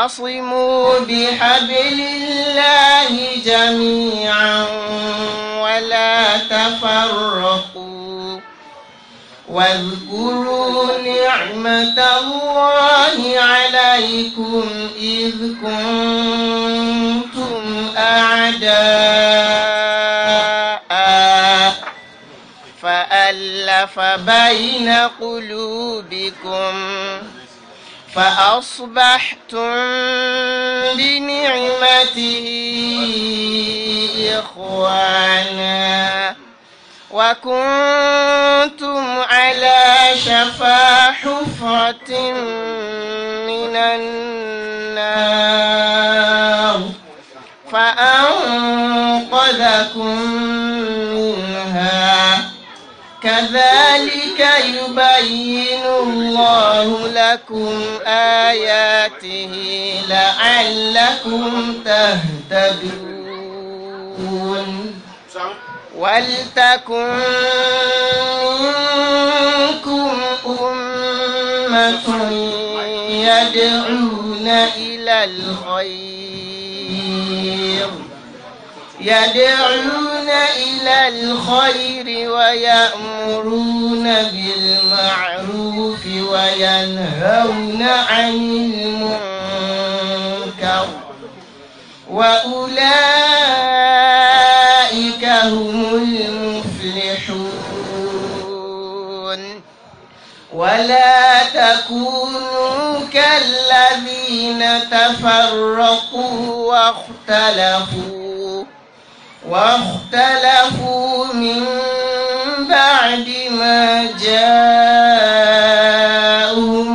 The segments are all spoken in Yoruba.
واعتصموا بحبل الله جميعا ولا تفرقوا واذكروا نعمة الله عليكم إذ كنتم أعداء فألف بين قلوبكم فأصبحتم بنعمته إخوانا وكنتم على شفا حفرة من النار فأنقذكم كذلك يبين الله لكم آياته لعلكم تهتدون ولتكن منكم أمة يدعون إلى الخير يدعون إلى الخير ويأمرون بالمعروف وينهون عن المنكر وأولئك هم المفلحون ولا تكونوا كالذين تفرقوا واختلفوا واختلفوا من بعد ما جاءهم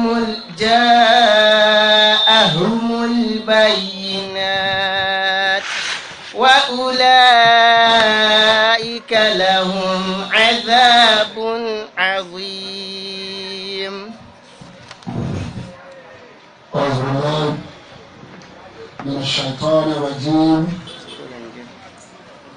جاءهم البينات وأولئك لهم عذاب عظيم أعوذ من الشيطان الرجيم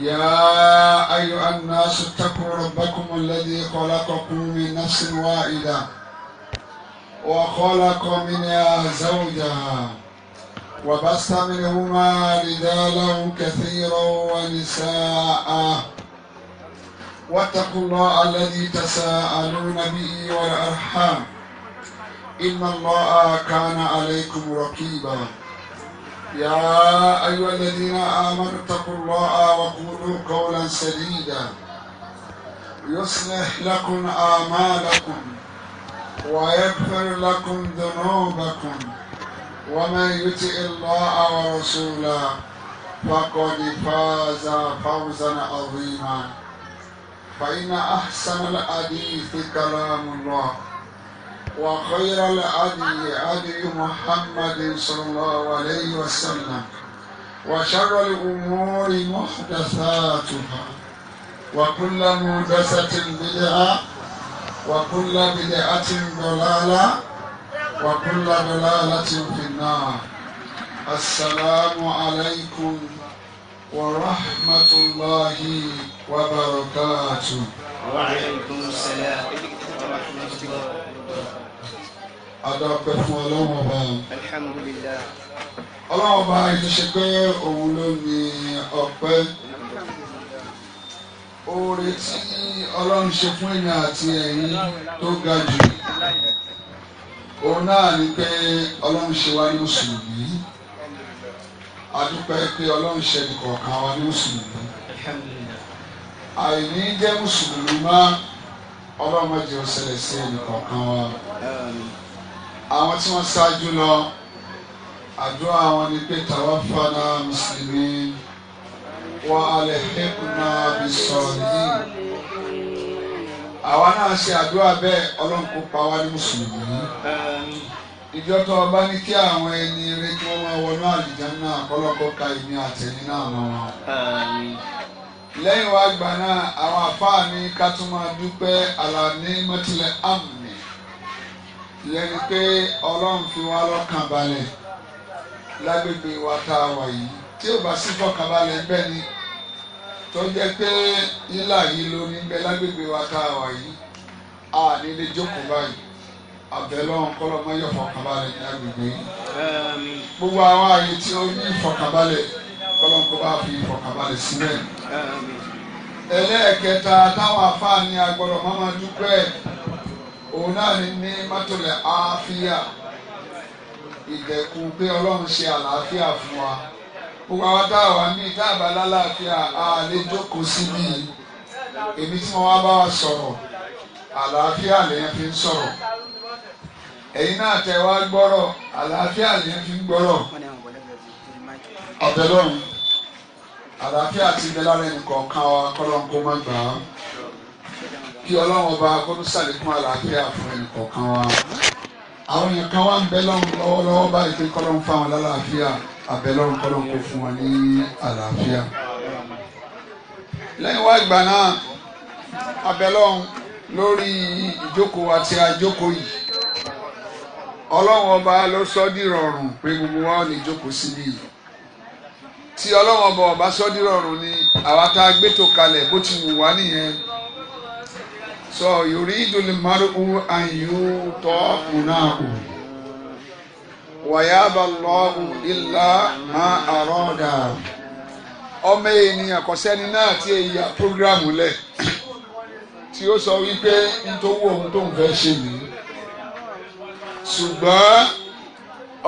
يا أيها الناس اتقوا ربكم الذي خلقكم من نفس واحدة وخلق منها زوجها وبس منهما رجالا كثيرا ونساء واتقوا الله الذي تساءلون به والأرحام إن الله كان عليكم رقيبا يا أيها الذين آمنوا اتقوا الله وقولوا قولا سديدا يصلح لكم آمالكم ويغفر لكم ذنوبكم ومن يطع الله ورسوله فقد فاز فوزا عظيما فإن أحسن الحديث كلام الله وخير الهدي هدي محمد صلى الله عليه وسلم وشر الأمور محدثاتها وكل محدثة بدعة وكل بدعة ضلالة وكل ضلالة في النار السلام عليكم ورحمة الله وبركاته وعليكم السلام ورحمة الله وبركاته adọ́pẹ́ fún ọlọ́run ọba. alhamdulillah. ọlọ́run ọba yìí ṣe pé òun ló ní ọpẹ́. oore tí ọlọ́run ṣe fún èmi àti ẹ̀yin tó ga jù òun náà ni pé ọlọ́run ṣe wá ní mùsùlùmí adúpẹ́ pé ọlọ́run ṣe nìkọ̀ọ̀kan wa ní mùsùlùmí àìní jẹ́ mùsùlùmí má ọlọ́run má jẹ́ ó sí ẹnìkọ̀ọ̀kan wa àwọn tí wọ́n ṣáájú lọ àdúrà wọn ni pé tawaffana mùsùlùmí wa alhiqna bis-salihin àwa náà ṣe àdúrà bẹ́ẹ̀ ọlọ́run kó pa wá ní mùsùlùmí ìjọ tó ọba ní kí àwọn ẹni eré kí wọ́n máa wọnú àlìjánnà kọ́lọ́kọ́ ka ìní àtẹ̀yìn náà mọ́ wọn. lẹ́yìn wá gbà náà àwọn àfáà ká tún máa dúpẹ́ àlàní mọ́tìlẹ̀ àmì ìyẹn ni pé ọlọ́run fi wá lọ́kàn balẹ̀ lágbègbè wa tá a wà yìí tí ò bá sí fọkàn balẹ̀ ń bẹ ni tó jẹ́ pé ilà yìí ló ní bẹ lágbègbè wa tá a wà yìí a ní lè jókòó báyìí àbẹ̀lọ́run kọ́lọ́ mọ́ yọ fọkànbalẹ̀ ní agbègbè yìí. gbogbo àwọn ààyè tí ó ní ìfọkànbalẹ̀ kọ́lọ́ kó bá fi ìfọkànbalẹ̀ sílẹ̀. ẹlẹ́ẹ̀kẹta táwọn afáàní agbọ́dọ̀ máa dúpẹ́ òun náà ni ní mọ́tòlẹ̀ àáfíà ìdẹ̀kùn pé ọlọ́run ṣe àlàáfíà fún wa gbogbo àwọn tá a wà ní ìta àbálá àlàáfíà a lè jókòó síbí èmi tí wọ́n wá bá wa sọ̀rọ̀ àlàáfíà lèyàn fi ń sọ̀rọ̀ ẹ̀yin náà tẹ wá gbọ́rọ̀ àlàáfíà lèyàn fi ń gbọ́rọ̀ ọ̀bẹ àlàáfíà ti bẹ lára ẹnì kọ̀ọ̀kan wa kọ́lọ́n kó má gbà á kí ọlọ́run ọba kọ́dún sàlékún àlàáfíà fún ẹnì kọ̀ọ̀kan wa àwọn èèyàn kan wá ń bẹ lọ́run lọ́wọ́lọ́wọ́ báyìí pé kọ́lọ́run fáwọn lálàáfíà àbẹ̀lọ́run kọ́lọ́run kò fún wọn ní àlàáfíà lẹ́yìn wá ìgbà náà abẹ́lọ́hún lórí ìjókòó àti àjókòó yìí ọlọ́run ọba ló sọ dìrọ̀rùn pé gbogbo wa ò ní jókòó síbí tí ọlọ́run ọba ọba sọ dìrọ̀rùn ni àwa tá a gbé tó kalẹ̀ bó ti wù wá nìyẹn so yuridu al-mar'u an yutaqinahu wàyábà lọ́hùn ilá máa àrọ́dà ọmọ ènìyàn kò sẹ́ni náà tí èyí à prógrámù lẹ̀ tí ó sọ wípé nítorí ohun tó ń fẹ́ ṣe nìyí ṣùgbọ́n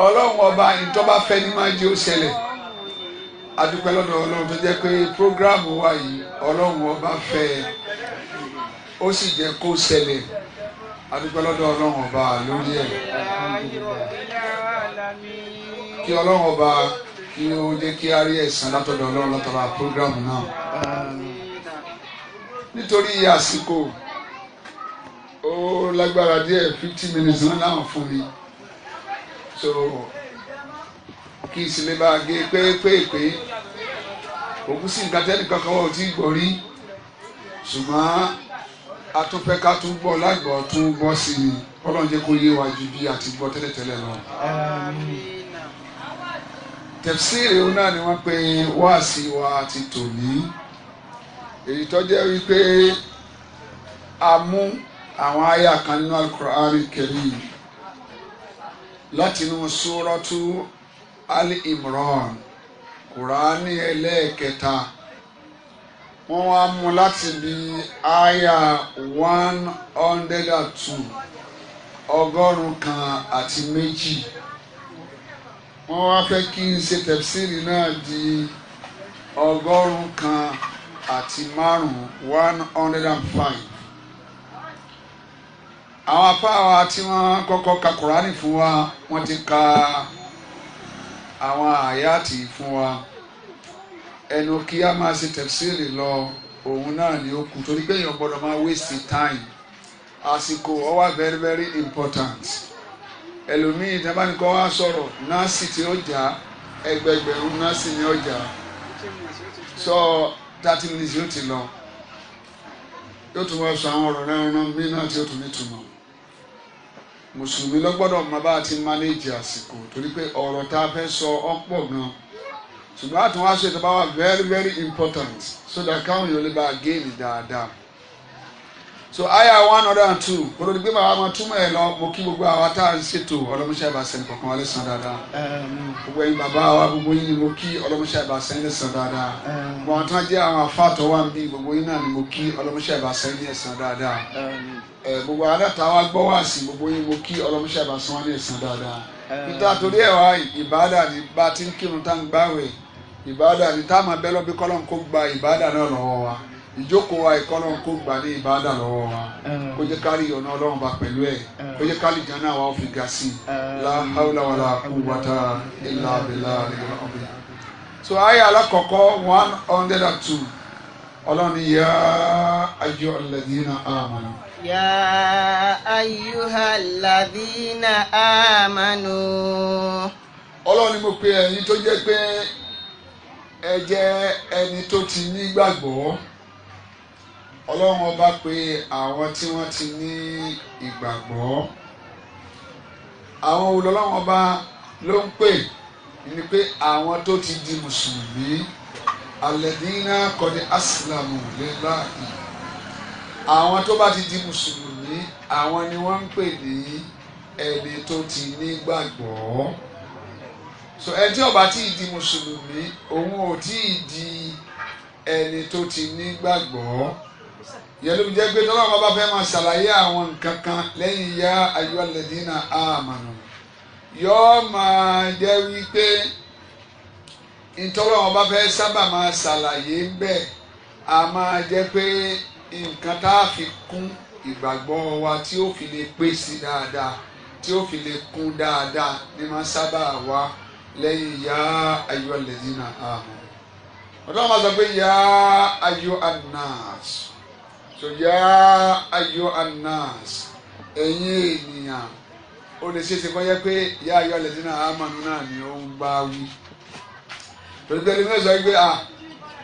ọlọ́run ọba ìjọba fẹ́ ni máa jẹ́ ó ṣẹlẹ̀ adúpẹ́ lọ́dọ̀ ọlọ́run tó jẹ́ pé prógrámù wa yìí ọlọ́run ọba fẹ́ ẹ ó sì jẹ́ kó ṣẹlẹ̀ adúpẹ́ lọ́dọ̀ ọlọ́run ọba lórí ẹ̀ kí ọlọ́run ọba kí ó jẹ́ kí á rí ẹ̀san látọ̀dọ̀ ọlọ́run látara prógrámù náà nítorí àsìkò ó lágbára díẹ̀ fifty minutes náà náà fún mi so kí ìsìlẹ̀ bá gé pépépé òkú sí nǹkan tẹ́lẹ̀ kankan wọ́n ò tí ì gbọ́ rí ṣùgbọ́n a tún fẹ́ ká tún gbọ́ lágbọ́ tún gbọ́ sí i ọlọ́run kó yé wa bí a gbọ́ tẹ́lẹ̀tẹ́lẹ̀ lọ. tẹ̀síìrì òun náà ni wọ́n pe wáàsí wa ti tò ní èyí tó jẹ́ wípé a mú àwọn àyà kan nínú alukur'ani kẹrì láti inú sórọ́tú Ali Imran kùránì ẹlẹ́ẹ̀kẹta. E wọ́n wá mú láti bí àyà one hundred and two ọgọ́rùn-ún kan àti méjì wọ́n wá fẹ́ kí n ṣe tẹ̀síìrì náà di ọgọ́rùn-ún kan àti márùn-ún one hundred and five àwọn afáwa tí wọ́n kọ́kọ́ ka Kùránì fún wa wọ́n ti ka àwọn àyátì fún wa ẹnu kí a máa ṣe tẹ̀síìlì lọ òun náà ni ó kù torí pé èèyàn gbọ́dọ̀ máa waste time àsìkò ó wà very very important ẹlòmíì tí a bá ní kọ́ wá sọ̀rọ̀ nọ́ọ̀sì tí ó jà ẹgbẹgbẹ̀rún nọ́ọ̀sì ni ó jà sọ thirty minutes yóò ti lọ yóò tún wọ́n sọ àwọn ọ̀rọ̀ rẹ́rùn mí náà tí ó tún nítumọ̀ mùsùlùmí ló gbọ́dọ̀ máa bá a ti manage àsìkò torí pé ọ̀rọ̀ tá a fẹ́ sọ ọ̀pọ̀ gan-an ṣùgbọ́n àti wọn ṣe ìtọ́ba wa very very important so that káwọn yóò lè bá a géèmì dáadáa so aya one hundred and two olórí gbé bàbá máa túmọ̀ ẹ̀ lọ mo kí gbogbo àwa tá à ń ṣètò ọlọ́mọṣẹ́ ìbáṣẹ́ nìkankan wálé san dáadáa um, gbogbo ẹ̀yin bàbá wa gbogbo yín ni mo kí ọlọ́mọṣẹ́ ìbáṣẹ́ ní san dáadáa um, gbogbo àwọn tán jẹ́ àwọn afáàtọ̀ wa ń bí gbogbo yín náà ni mo kí ọlọ́mọṣẹ́ ìbáṣẹ́ ní san dáadáa um, gbogbo adáta wa gbọ́ wá sí gbogbo yín mo kí ọlọ́mọṣẹ́ ìbáṣẹ́ wọn san dáadáa nítorí torí ẹ̀ wá ìbáàdà ni bá ti ń kírun tá ń gbáwèé ìbáàdà ni táwọn abẹ́ lọ́bí kọ́lọ́n kó gba ìbáàdà náà lọ́wọ́ wa ìjókòó wa ìkọ́lọ́n kó gba ní ìbáàdà lọ́wọ́ wa kó jẹ́ ká rí ọ̀nà ọlọ́run bá pẹ̀lú ẹ̀ kó jẹ́ ká lè jẹ́ náà wa ó fi ga sí i la hawla wala quwwata illa billahi ọ̀bẹ. so ayé alákọ̀ọ́kọ́ one hundred and two ọlọ́ni yá ayọ̀ alladhina amanu. yá ayyuha alladhina amanu. ọlọ́ni mo pe ẹ̀yin tó jẹ́ pé ẹ jẹ́ ẹni tó ti nígbàgbọ́ ọlọ́run ọba pè àwọn tí wọ́n ti ní ìgbàgbọ́ àwọn olọ́run ọba ló ń pè ní pé àwọn tó ti di mùsùlùmí alẹ́dínà kọ́ni asilamu lillahi àwọn tó bá ti di mùsùlùmí àwọn ni wọ́n ń pè ní ẹni tó ti nígbàgbọ́ so ẹni tí ọba tí ì di mùsùlùmí òun ò tí ì di ẹni tó ti nígbàgbọ́ yẹlẹ bí jẹ́ pé tọ́lá ọba bá fẹ́ máa ṣàlàyé àwọn nǹkan kan lẹ́yìn ya ayọ́ alẹ́dínà àmàlù yọ́ọ́ máa jẹ́ wípé ntọ́lá ọba fẹ́ sábà máa ṣàlàyé bẹ́ẹ̀ a máa jẹ́ pé nǹkan tá a fi kún ìgbàgbọ́ wa tí ó fi lè pèsè dáadáa tí ó fi lè kún dáadáa ni máa sábà wá lẹ́yìn ya ayọ̀ lẹ́dínà àmọ́ ọlọ́run máa sọ pé ya ayọ̀ anas so ya ayọ̀ anas ẹ̀yin ènìyàn ó lè ṣeéṣe kọ́ yẹ pé ya ayọ̀ lẹ́dínà àmọ́ náà ni ó ń bá wí torí pé ẹlẹ́dínà sọ pé ah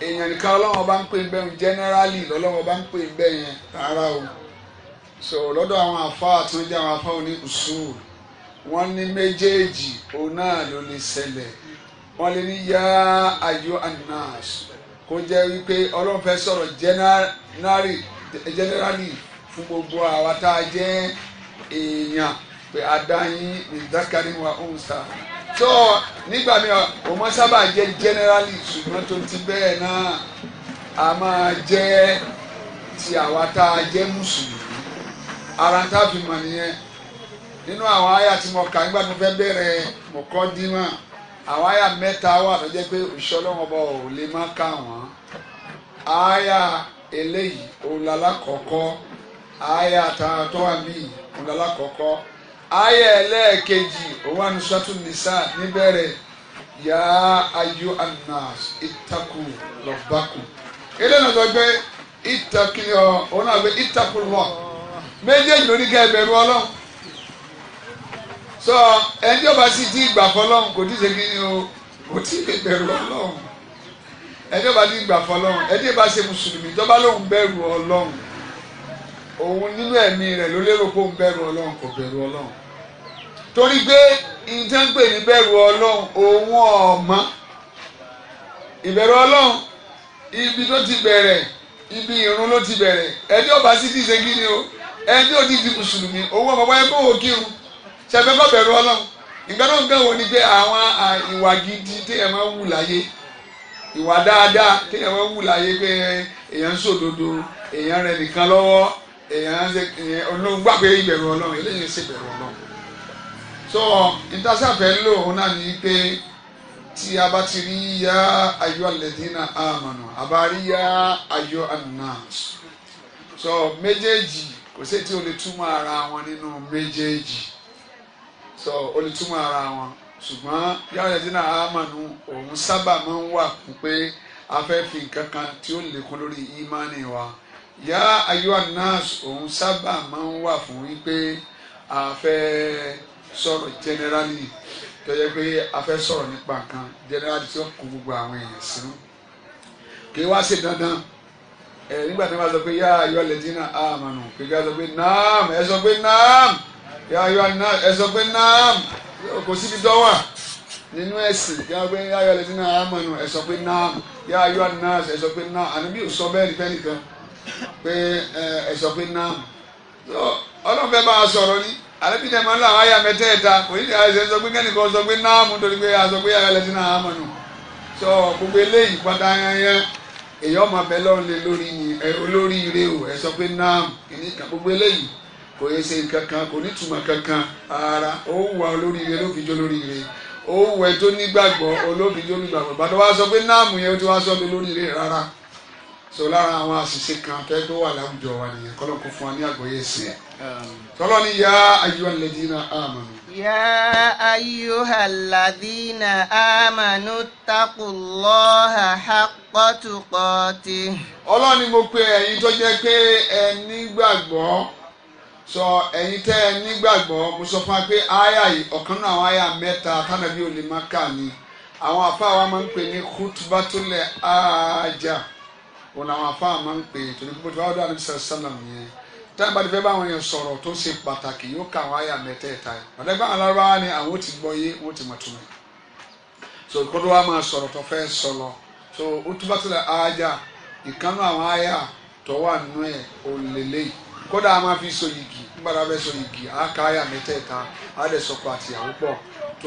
èèyàn nìkan ọlọ́run ọba ń pè bẹ́ẹ̀ ń jẹ́nẹ́rálì lọ́lọ́run ọba ń pè bẹ́ẹ̀ yẹn rárá o so lọ́dọ̀ àwọn àfa àtúnjẹ àwọn àfa òní kùsùn wọ́n ní méjèèjì òun náà ló lè ṣẹlẹ̀ wọ́n lè ní yá ayọ̀ anas kó jẹ́ wípé ọlọ́run fẹ́ sọ̀rọ̀ jẹ́nẹ́rálì jẹ́nẹ́rálì fún gbogbo àwa tá a jẹ́ èèyàn pé a dá yín ìdákàrí wa òun sá tó nígbà mi ò mọ sábà jẹ́ jẹ́nẹ́rálì ṣùgbọ́n tó ti bẹ́ẹ̀ náà a máa jẹ́ ti àwa tá a jẹ́ mùsùlùmí ara tá a fi mọ̀ nìyẹn. nínú àwọn àyà tí mo kà nígbà tí mo fẹ́ bẹ̀rẹ̀ mọ̀kọ́dímà àwọn àyà mẹ́ta wà tó jẹ́ pé òṣìṣẹ́ ọlọ́run ọba ò lè má kà wọ́n àyà eléyìí òun àyà tààtọ́ àmì òun àyà ẹlẹ́ẹ̀kejì òun wà ní níbẹ̀rẹ̀ yà á ayú ìtakù lọ́bàkù eléyìí náà sọ pé ìtakù ọ̀ òun sọ ẹni tí ó bá sì ti gbà fọlọ́run kò tí ì ṣe kí ni o kò tí ì bẹ̀rù ọlọ́run ẹni ó bá ti gbà fọlọ́run ẹni ó bá ṣe mùsùlùmí tó bá lóun bẹ̀rù ọlọ́run òun nínú ẹ̀mí rẹ̀ ló lérò pé òun bẹ̀rù ọlọ́run kò bẹ̀rù ọlọ́run torí pé ìjàngbè ní bẹ̀rù ọlọ́run òun ọ̀mọ́ ìbẹ̀rù ọlọ́run ibi tó ti bẹ̀rẹ̀ ibi ìrun ló ti bẹ̀rẹ̀ ẹni ó sì ti ṣe kí ni o ẹni ó di mùsùlùmí òun ọmọ báyẹn kó ṣẹfẹ kọ bẹ̀rù Ọlọ́run nǹkan náà nǹkan wo ni pé àwọn ìwà gidi téèyàn máa ń wù láyé ìwà dáadáa téèyàn máa ń wù láyé pé èèyàn ń ṣòdodo èèyàn rẹ nìkan lọ́wọ́ èèyàn Ọlọ́run gbà pé ìbẹ̀rù Ọlọ́run eléyìí ṣe bẹ̀rù Ọlọ́run so ìtasàfẹ lò ó náà ní pé tí a bá ti rí yá ayọ alẹdínà àmàna àbá yá ayọ anas so méjèèjì kò sí èyí tí o lè túmọ̀ ara wọn nínú méjèèjì. No, so ó lè túmọ̀ ara wọn ṣùgbọ́n yàrá ẹ̀dínà àmàlù òun sábà máa ń wà pé a fẹ́ fi nǹkan kan tí ó lékún lórí ìmánì wa yá ayọ́ anas òun sábà máa ń wà fún wípé a fẹ́ sọ̀rọ̀ generally tó yẹ pé a fẹ́ sọ̀rọ̀ nípa nǹkan generally tí ó kó gbogbo àwọn èèyàn sínú kí wá ṣe dandan ẹ nígbà tí wọ́n bá sọ pé yá ayọ́ ẹ̀dínà àmàlù kí wọ́n bá sọ pé naam ẹ sọ pé naam yà ayọ̀ àná ẹ̀sọ́ pé náàm kò síbi dọ́wà nínú ẹ̀sìn yà ayọ̀ yà ayọ̀ lẹ́sìn náà àmọ́ nù ẹ̀sọ́ pé náàm yà ayọ̀ àná ẹ̀sọ́ pé náàm ànábì ò sọ bẹ́ẹ̀ nífẹ̀ẹ́ nìkan pé ẹ̀sọ́ pé náàm ọlọ́fẹ́ bá a sọ̀rọ̀ ni àlẹ́bí náà máa ń lọ àwọn àyà mẹ́tẹ̀ẹ̀ta kò ní ìdíyà kẹ́nìkan sọ pé náàmù pé kò yẹ ṣe nǹkan kan kò ní túmọ̀ kankan ara ó wà olóríire ló fi jó lóríire ó wẹ tó nígbàgbọ́ olóbìjó nígbàgbọ́ bàtà wá sọ pé náàmù yẹn tó wá sọ pé lóríire rárá so lára àwọn àṣìṣe kan fẹ́ tó wà láwùjọ wa nìyẹn kọ́lọ́ kó fún wa ní àgbọ́yé sí ẹ̀ tọ́lọ́ ni yá ayyuhal ladina amanu. yá ayyuhal ladina amanu taqullaha haqqa tuqatih. mo pe ẹ̀yin tó jẹ́ pé ẹ nígbàgbọ́ sọ ẹ̀yin tẹ́ ẹ nígbàgbọ́ mo sọ fún wa pé àyà yìí ọ̀kan náà àwọn àyà mẹ́ta tánàbí ò lè má kà ní àwọn àfáà wa máa ń pè ní kútubátólẹ̀ ájà òun làwọn àfáà máa ń pè torí pé bọ́dọ̀ àwọn àdúrà sálàm yẹn táyà bá ti bá àwọn yẹn sọ̀rọ̀ tó ṣe pàtàkì yóò ka àwọn àyà mẹ́tẹ̀ẹ̀ta yẹn pàtàkì àwọn alárúbáwá ni àwọn ò ti gbọ́ yé wọ́n ti mọ̀ tó mọ̀ so kótó wa máa sọ̀rọ̀ tó fẹ́ sọ̀rọ̀ so kútubátólẹ̀ ájà ìkànnú àwọn àyà tó wà nínú ẹ̀ òun lélẹ́yìí kódà a fi so yìgì nígbàdà bẹ so yìgì a ká àyà mẹ́tẹ̀ẹ̀ta a lè tó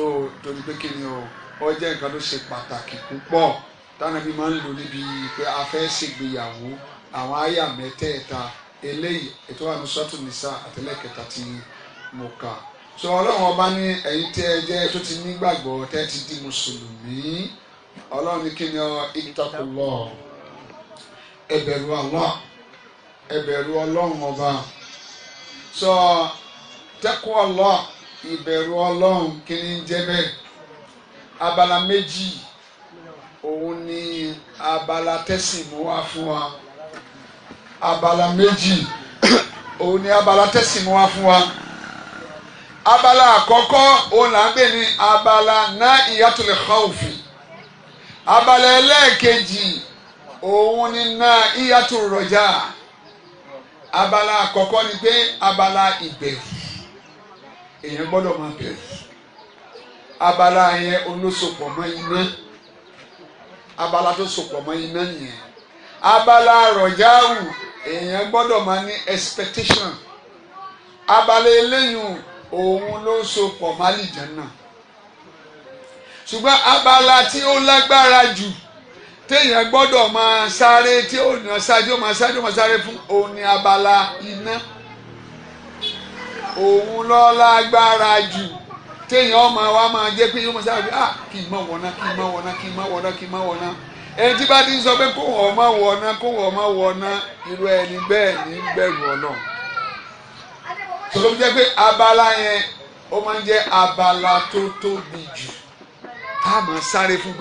o nǹkan tó ṣe pàtàkì púpọ̀ tánàbí máa ń lò níbi pé a ṣègbéyàwó àwọn àyà mẹ́tẹ̀ẹ̀ta eléyìí ètò àwọn sọ́tún nìsa ti mọ̀ ká so ọlọ́run ọba ní ẹ̀yin tẹ́ ẹ tó ti nígbàgbọ́ tẹ́ ti di mùsùlùmí ọlọ́run ní kí ni ọ ẹbẹ̀rù ọlọ́run ọba sọ tẹ́kọ̀ ọlọ́ ìbẹ̀rù ọlọ́run kí ni abala méjì òun ni abala tẹ́sì mú wá fún wa abala méjì òun ni abala tẹ́sì mú wá fún wa abala àkọ́kọ́ òun là ń gbé ní abala náà ìyàtọ̀lẹ̀ kọ́ọ̀fì abala ẹlẹ́ẹ̀kejì òun ni náà ìyàtọ̀lẹ̀ rọjà abala àkọ́kọ́ ni pé abala ìbẹ̀rù èèyàn gbọ́dọ̀ máa bẹ̀rù abala yẹn olóṣopọ̀ mọ́ iná abala tó sopọ̀ mọ́ iná nìyẹn abala rọ̀jáwù èèyàn gbọ́dọ̀ máa ní expectation abala eléyìí òun ló sopọ̀ mọ́ àlìjẹ́ náà ṣùgbọ́n abala tí ó lágbára jù. téèyàn gbọ́dọ̀ máa sáré tí ó nà sáré ó máa fún òun abala iná òun lọ́la agbára jù téèyàn ọmọ wa máa jẹ́ pé yóò máa sáré ah kì í ma wọ̀nà kì í ma wọ̀nà kì í ma wọ̀nà kì í ma wọ̀nà ẹni tí bá ti ń sọ pé má wọ̀nà ẹni bẹ́ẹ̀ bẹ̀rù ọ̀nà jẹ́ pé abala yẹn ó máa ń abala tó tóbi jù táà sáré fún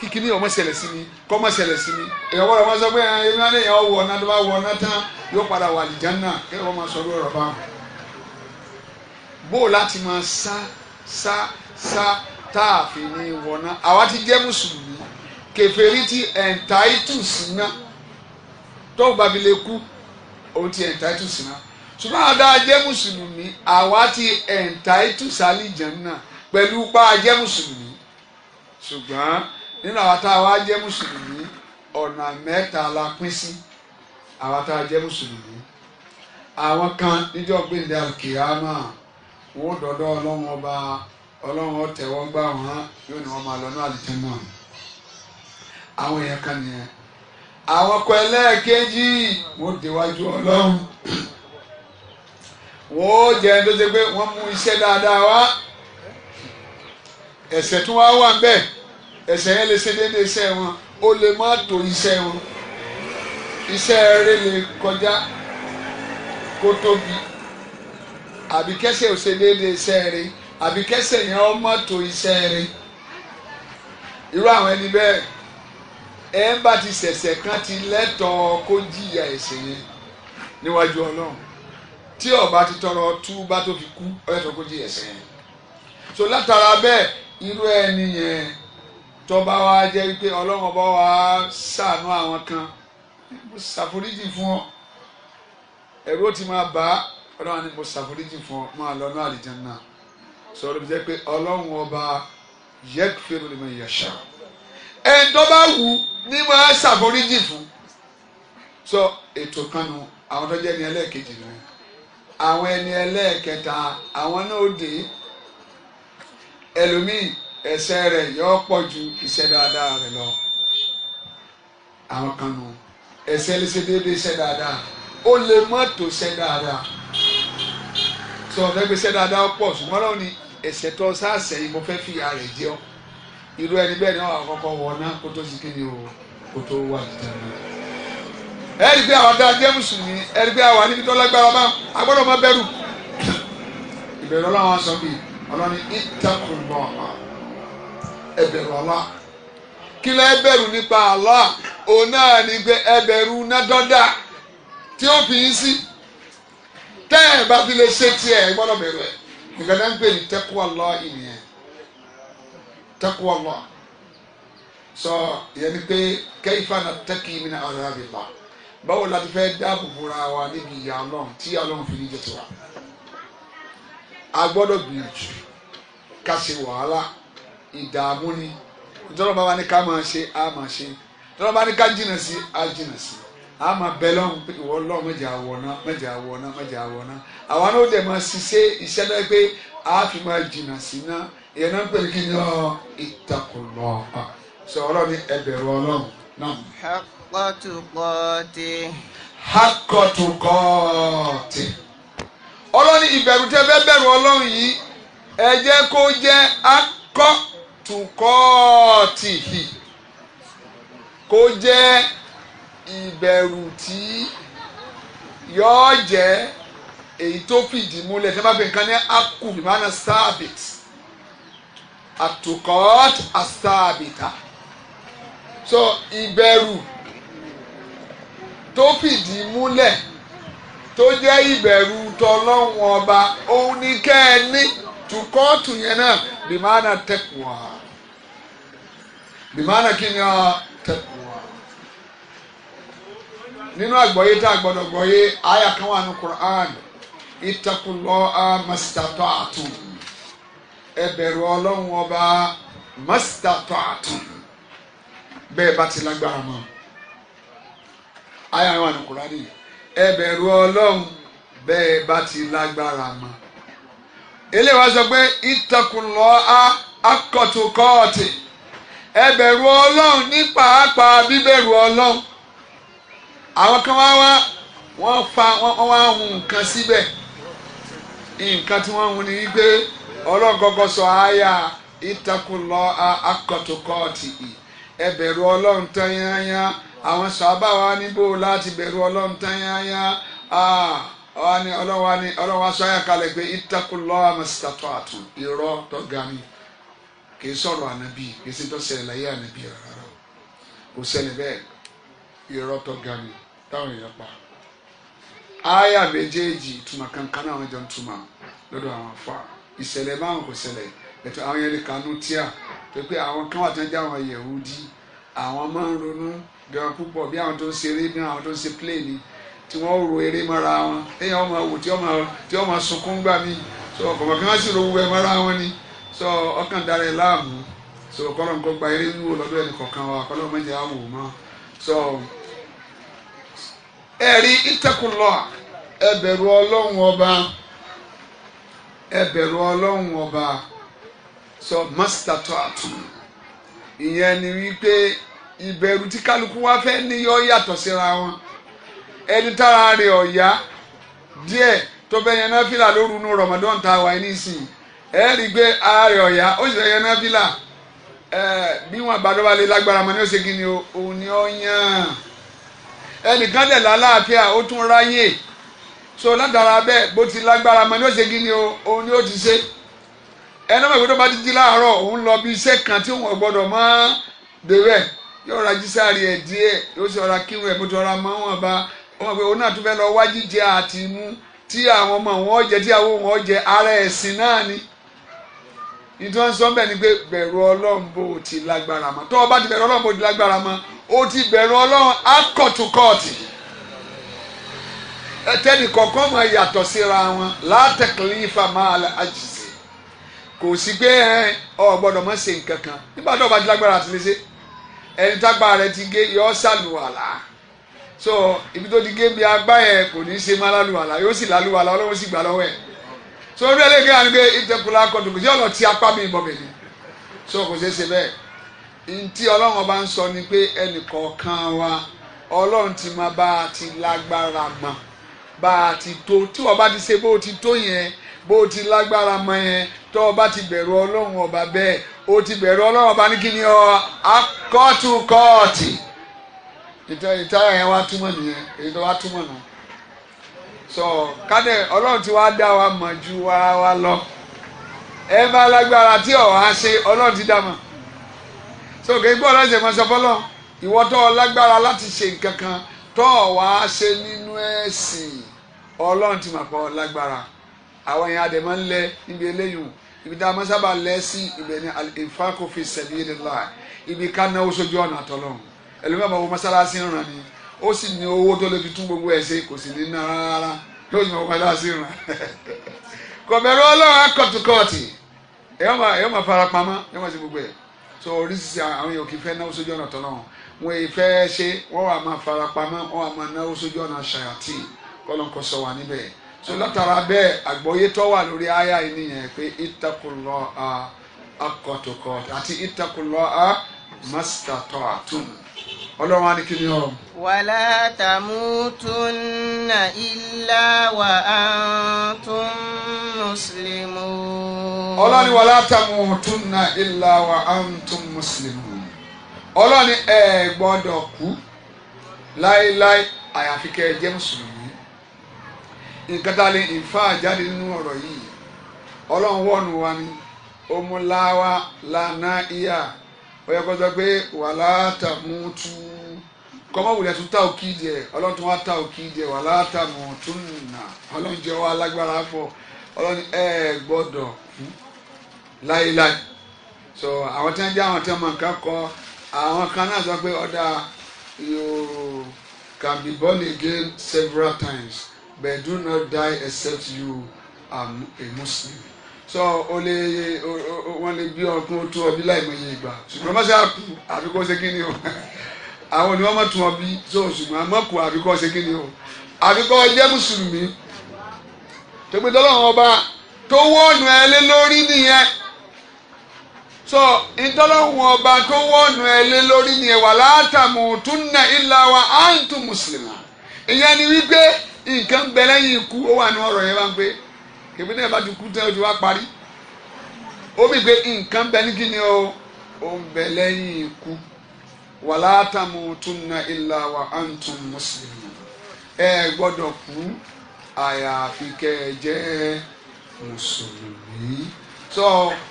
Kikini ní ọmọ ṣẹlẹ̀ sí mi kọ́ mọ̀ ṣẹlẹ̀ sí mi èèyàn wọ́n ọmọ sọ pé ẹ̀yìn wọn lèèyàn wọ ọ̀nà tó bá wọ ọ̀nà tán yóò padà wà àlìjánná kẹ́kẹ́ wọ́n máa sọ lórí ọ̀rọ̀ báwọn. bó láti máa sá sá sá tá a fi ní àwa ti jẹ́ mùsùlùmí kèfèrí ti ẹ̀ǹtáìtù síná tó bá fi lè kú òun ti ẹ̀ǹtáìtù síná ṣùgbọ́n àdá jẹ́ mùsùlùmí àwa ti ẹ̀ǹtáìtù sálìjánná pẹ̀lú pa jẹ́ mùsùlùmí ṣùgbọ́n nínú àwa tá a wá jẹ́ mùsùlùmí ọ̀nà mẹ́ta la pín sí àwa tá a jẹ́ mùsùlùmí àwọn kan níjọ́ gbẹ̀ndẹ̀ àkìyàmà wọ́n dọ̀dọ̀ ọlọ́run ọba ọlọ́run gbà wọ́n yóò ní wọ́n máa lọ ní àwọn èèyàn kan nìyẹn àwọn ẹlẹ́ẹ̀kejì wọ́n déwájú ọlọ́run wọ́n jẹ́ ẹni tó ṣe pé wọ́n mú iṣẹ́ dáadáa ẹ̀ṣẹ̀ yẹn lè ṣe déédéé iṣẹ́ wọn ó lè má tó iṣẹ́ wọn iṣẹ́ eré lè kọjá kó tóbi àbí kẹ́ṣẹ̀ ò ṣe déédéé iṣẹ́ eré àbí kẹ́ṣẹ̀ yẹn ó má tó iṣẹ́ eré irú àwọn ẹni bẹ́ẹ̀ ẹ ń bá ti ṣẹ̀ṣẹ̀ kan ti lẹ́tọ̀ọ́ kó jìyà ẹ̀ṣẹ̀ yẹn níwájú Ọlọ́run tí ó ti tọrọ túbá tó fi kú ó kó jìyà ẹ̀ṣẹ̀ yẹn so látara bẹ́ẹ̀ irú ẹni yẹn tọ́ba wa jẹ́ wípé ọlọ́run ọba wa ṣàánú àwọn kan mo ṣàforíjì fún ọ ẹ̀rú ó ti máa bá ọlọ́run ni mo ṣàforíjì fún ọ máa lọ ní àlìjánnà sọ̀rọ̀ bí jẹ́ pé ọlọ́run ọba yẹ́kùfẹ́ ló lè mọ ìyàṣà ẹni tó bá wù ní mo ṣàforíjì fún sọ ètò kanu àwọn tó jẹ́ ní ẹlẹ́ẹ̀kejì nù àwọn ẹni ẹlẹ́ẹ̀kẹta àwọn náà dé ẹlòmíì ẹ̀ṣẹ̀ rẹ̀ yọ pọ̀ ju iṣẹ́ dáadáa rẹ̀ lọ àwọn kan nù ẹ̀ṣẹ̀ lè ṣe déédéé iṣẹ́ dáadáa ó lè má tó iṣẹ́ dáadáa sọ ọ̀fẹ́ pé iṣẹ́ dáadáa pọ̀ ṣùgbọ́n náà ni ẹ̀ṣẹ̀ tó sáàṣẹ̀ yìí mo fẹ́ fi ara rẹ̀ jẹ́ ọ irú ẹni bẹ́ẹ̀ ni wọ́n àkọ́kọ́ wọ náà kó tó ṣe kí ni o kó tó wà níta ni ẹ̀rí pé àwọn dáa jẹ́ mùsùlùmí ẹ̀rí pé àwọn níbi tó lágbára bá a gbọ́dọ̀ má bẹ̀rù ìbẹ̀rù ọlọ́run sọ ẹ bẹ̀rù Allah kí lẹ́ bẹ̀rù nípa Allah òun náà ní pé ẹ bẹ̀rù nádọ́dà tí ó fi yín sí tẹ́ ẹ bá fi lè ṣe tiẹ̀ ẹ gbọ́dọ̀ bẹ̀rù ẹ̀ nǹkan náà ń pè ní taqwa Allah ìnìyẹn taqwa Allah sọ ìyẹn ni pé kayfa nattaqi min adhabillah báwo la ti fẹ́ dáàbò bora wa níbi ìyá ọlọ́run tí ọlọ́run fi ní jẹ tiwa a gbọ́dọ̀ gbìyànjú ká ṣe wàhálà ìdààmú ni ìtọ́lọ́ bá wa ní ká máa ṣe á máa ṣe ìtọ́lọ́ bá ní ká jìnà sí á jìnà sí á máa bẹ lọ́hùn pé ìwọ lọ́hùn mẹ́jẹ̀ àwọ̀ náà mẹ́jẹ̀ àwọ̀ náà mẹ́jẹ̀ àwọ̀ náà àwọn náà ó dẹ̀ máa ṣiṣẹ́ iṣẹ́ náà pé á fi máa jìnà sí náà ìyẹn náà ń pè kí ni ọ ìtakùnlọ sọ ọlọ́ni ẹbẹ̀rù ọlọ́run náà. hakọtukọti. ọlọ́ni ìbẹ̀rù tukọ́ọ̀tìhì kó jẹ́ ìbẹ̀rù tí yọ́ọ́ jẹ́ èyí tó fìdí múlẹ̀ tí wọ́n bá fi nǹkan ní akù sábìt àtùkọ́t àsábìtà so ìbẹ̀rù tó fìdí múlẹ̀ tó jẹ́ ìbẹ̀rù tọlọ́hun ọba òun ni kẹ́ ní. tukọ́ọ̀tù yẹn dị bìmánà tẹ̀kùwà bìmánà kí ni ọ tẹ̀kùwà nínú àgbọ̀yé tá a gbọ́dọ̀ gbọ́yé àyà kan wà ní Qur'an ìtẹ̀kùlọ́ àmàsítàtọ̀ àtù ti lágbára mọ́ Qur'an elewa zọgbe ịtakụ nlọ a akọtụkọtụ eberu ọlọrụ nipa akpa biberu ọlọ akwụkwọ nwa nwauwau nwa fa nwau ahụ nka si be nka tụ ọhụrụ ni ọrụ ọgọgọ sọ aya ịtakụ nlọ a akọtụkọtụ ị beru ọlọrụ ntanyanya awon so aba o anigbo lati beru ọlọrụ ntanyanya a. ọwọ́ ni ọlọ́wọ́ ni ọlọ́wọ́ aṣáyà kalẹ̀ pé ìtakùlọ́ àmọ́sítàfàtù irọ́ tó ga ni kì í sọ̀rọ̀ ànábì kì í sì tó ṣẹlẹ̀ láyé ànábì rárá kò ṣẹlẹ̀ bẹ́ẹ̀ irọ́ tó ga ni táwọn èèyàn pa. áyà méjèèjì ìtumọ̀ kankan náà wọ́n jọ ń túmọ̀ lọ́dọ̀ àwọn afá ìṣẹ̀lẹ̀ báwọn kò ṣẹlẹ̀ ètò àwọn yẹn lè kànú tíà tó pé àwọn kan wà tó ń jẹ́ àwọn Yẹhudi àwọn máa ń ronú gan púpọ̀ bí àwọn tó ń ṣeré bí àwọn tó ń ṣe pléènì tí wọ́n ro eré mara wọn téèyàn ọmọ wò tí ọmọ tí ọmọ sunkún gbà mí so ọkọ̀mọ̀ kí sì ro ni so ọkàn dára ịla láàmú so kọ́lọ̀ nǹkan gba eré wúwo lọ́dọ̀ ẹnì kọ̀ọ̀kan wa kọ́lọ̀ mẹ́jẹ so eri ìtẹ́kùlọ́ ẹ bẹ̀rù ọba ọba ìyẹn ni ẹni tára rẹ̀ ọ̀yá díẹ̀ tó fẹ́ yan náfìlà lóru nu Ramadan tá a wà ní ìsìn ẹ rí i pé ara rẹ̀ ọ̀yá ó sì fẹ́ yan náfìlà bí wọn bá dọ́ba lágbára mọ́ ni ó ṣe kí ni òun ni ó yàn ẹnìkan dẹ̀ lálàáfíà ó tún ráyè so látara bẹ́ẹ̀ bó ti lágbára mọ́ ni ó ṣe kí ni òun ni ó ti ṣe ẹni ọmọ ìwé tó bá ti di láàárọ̀ òun lọ bí iṣẹ́ kan tí òun ọ̀gbọ́dọ̀ mọ́ débẹ̀ yóò ra jísàárì ẹ̀ díẹ̀ yóò sì ọ̀ra kírun ẹ̀ bó ti ọ̀ra mọ́ wọn bá wọn pe òun náà tún lọ wá àti mú tí àwọn ọmọ wọn jẹ tí àwọn wọn jẹ ara ẹ̀sìn náà ni ìtọ́ ń sọ bẹ́ẹ̀ ni pé bẹ̀rù ọlọ́run bò ti lágbára mọ́ bá ti bẹ̀rù ọlọ́run ti lágbára mọ́ o ti bẹ̀rù ọlọ́run ọ gbọ́dọ̀ ṣe nǹkan kan nígbà tó o bá ti lágbára so ibi tó ti gé bí agbá yẹn kò ní í ṣe má lálùwàlà yóò sì lálùwàlà ọlọ́run sì gbà lọ́wọ́ ẹ̀ so orí ẹlẹ́gẹ́ yà ni pé ìtẹ̀kùlá kọ̀tù kò sí ọ̀nà tí apá mi bọ̀ bẹ̀rẹ̀ so kò ṣeé ṣe bẹ́ẹ̀ ntí ọlọ́run ọba ń sọ ni pé ẹnìkọ̀ọ̀kan wa ọlọ́run ti máa bá a ti lágbára mọ́ bá a ti tó tí wọ́n bá ti ṣe bó ti tó yẹn bó ti lágbára mọ́ yẹn tó o bá ti bẹ̀rù ọlọ́run ọba bẹ́ẹ̀ o ti bẹ̀rù ọlọ́run ọba ní kí ni ọ akọ́tù kọ́ọ̀tì ìtàn ìtàn yẹn wá túmọ̀ nìyẹn èyí tó wá túmọ̀ nù. sọ kádẹ ọlọ́run ti wá dá wa mọ̀ ju wa wa lọ ẹ bá lágbára tí ọ̀hán ṣe ọlọ́run ti dá mọ̀ so kì í gbọ́ ọlọ́run ṣe mọ̀ sọ fọlọ́ ìwọ tó o lágbára láti ṣe nǹkan kan tó o wá ṣe nínú ẹ̀sìn ọlọ́run ti mọ̀ pọ̀ lágbára àwọn èèyàn adẹ̀ máa ń lẹ níbi eléyìí ibi tá a máa sábà lẹ sí ibẹ̀ ni al-infaqu fi sabilillah ibi ká náwó sójú ọ̀nà àtọ́lọ́run ẹlòmíì ọmọ owó mọ́sálásí ń ràn ni ó sì ní owó tó lè fi tún gbogbo ẹ̀ ṣe kò sì ní ná rárá lójú ọmọ mọ́sálásí ràn kọ̀bẹ̀rù ọlọ́run akọ̀tùkọ̀tì èèyàn máa fara pamọ́ èèyàn máa ṣe gbogbo ẹ̀ so oríṣiríṣi àwọn èèyàn kì í fẹ́ náwó sójú ọ̀nà tọ́lọ́ wọn èyí fẹ́ ṣe wọ́n wà máa fara pamọ́ wọ́n wà máa náwó sójú ọ̀nà ṣàyàtì kọ́lọ́nkọ́ sọ wà níbẹ̀ so látara bẹ́ẹ̀ àgbọ́yé tó wà lórí àyà yìí ọlọ́run á ní kí ni ọ. wàlá tàmútúnà ìlà wà á tún mùsùlùmù. ọlọ́ni wàlá tàmútúnà ìlà wà á tún mùsùlùmù. ọlọ́ni ẹ gbọ́dọ̀ kú láéláé àyàfi kẹ́ ẹ jẹ́ mùsùlùmí. nǹkan tá a lè ìfá jáde nínú ọ̀rọ̀ yìí ọlọ́run wọ̀nù wa ni ó mú láwa ìyá ó yẹ sọ pé wàlá tàmútú kọ́mọ́ wulẹ̀ tún ta òkì díẹ̀ ọlọ́run tún wá ta òkì díẹ̀ wàlá tàmútú nà ọlọ́run jẹ́ wá lágbára fọ ọlọ́run ẹ gbọ́dọ̀ láéláé so àwọn tí wọ́n jẹ́ àwọn tí wọ́n mọ̀ nǹkan kọ àwọn kan náà sọ pé ọ̀dà yóò can be born again several times but do not die except you are a Muslim sọ o lè wọn lè bí ọkùn tún ọbí láìmọye ìgbà ṣùgbọ́n má ṣáà kú àbí kó ṣe kí ni o àwọn ni wọ́n má tún ọbí tó ṣùgbọ́n má kú àbí kó ṣe kí ni o àbí kó jẹ́ mùsùlùmí tó gbé ọba tó wọ́ọ̀nù ẹ lé lórí nìyẹn so ìtọ́lọ́hùn ọba tó wọ́ọ̀nù ẹ lé lórí ni ẹ̀wà látàmú túnà ìlà wa á ń tún mùsùlùmá ìyẹn ni wípé nǹkan bẹ lẹ́yìn ikú ó wà ní ọ̀rọ̀ yẹn bá ń pé èmi náà bá ti kú tán ó ti wá parí ó bì pé nǹkan bẹ ní kíni o ó ń bẹ lẹ́yìn ikú wàlá tamutunna illa wa antum muslimun ẹ gbọ́dọ̀ kú àyàfi kẹ́ mùsùlùmí sọ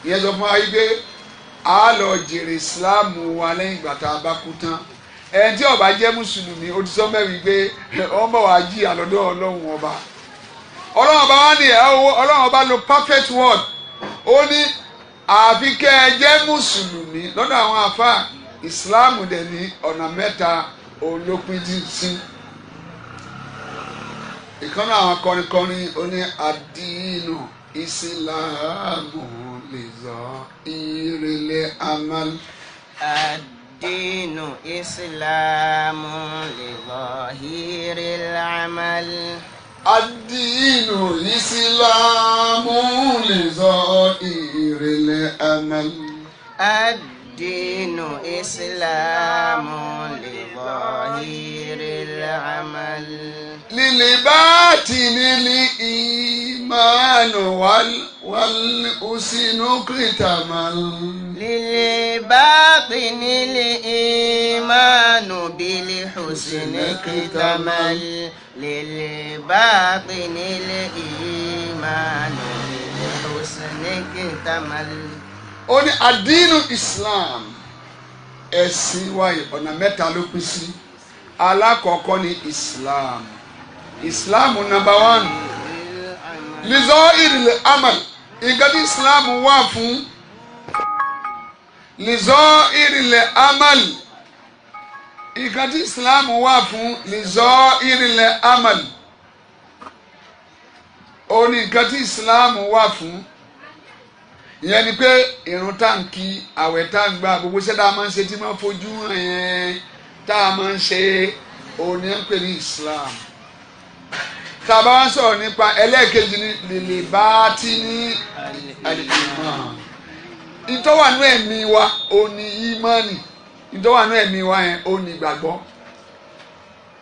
ìyẹn sọ fún wa yìí pé a lọ jèrè ìsìláàmù wa lẹ́yìn ìgbà tá a bá kú tán ẹni tí ó jẹ́ mùsùlùmí ó ti sọ mẹ́rin pé ọmọ wa jí àlọ́dọ́ ọlọ́run ọba ọlọ́run bá wá ní ẹ̀họ́ ọlọ́run bá lo perfect word ó ní àfi kẹ́ ẹ jẹ́ mùsùlùmí lọ́dọ̀ àwọn afa ìsìláàmù dẹ̀ ní ọ̀nà mẹ́ta olópin sí ìkànnì àwọn kọrinkọrin ó ní àdínù ìsìláàmù lè zọ ìrẹ̀lẹ̀ amal. الدين إسلام لظاهر العمل الدين إسلام لظاهر الأمل الدين إسلام لظاهر العمل lílè bá tì nílì ìmánu wàlí òsínú kìtàmà. lílè bá tì nílì ìmánu bílì òsínú kìtàmà. lílè bá tì nílì ìmánu bílì òsínú kìtàmà. ó ní àdínú Islam ẹ̀sìn wáyé ọ̀nà mẹ́ta ló pín sí alákọ̀ọ́kọ́ ní Islam. Islam number one. wán iri le amal nǹkan tí ìsìláàmù wà fún lizọ ìrìlẹ amal nǹkan tí ìsìláàmù wà fún lizọ ìrìlẹ amal Oni ní nǹkan tí ìsìláàmù wà fún ìyẹn ni pé irun táǹkì àwẹ̀ táǹgbà gbogbo iṣẹ́ tá máa ń ṣe tí máa fojú hàn yẹn tá a máa ń ṣe òun ni wọ́n ní Islam tá a bá wá sọ̀rọ̀ nípa ẹlẹ́ẹ̀kejì ni lèlè bá ti ní àlèmọ́ ìtọ́wànú ẹ̀mí wa ò ní ìmánì ìtọ́wànú ẹ̀mí wa yẹn ò ní ìgbàgbọ́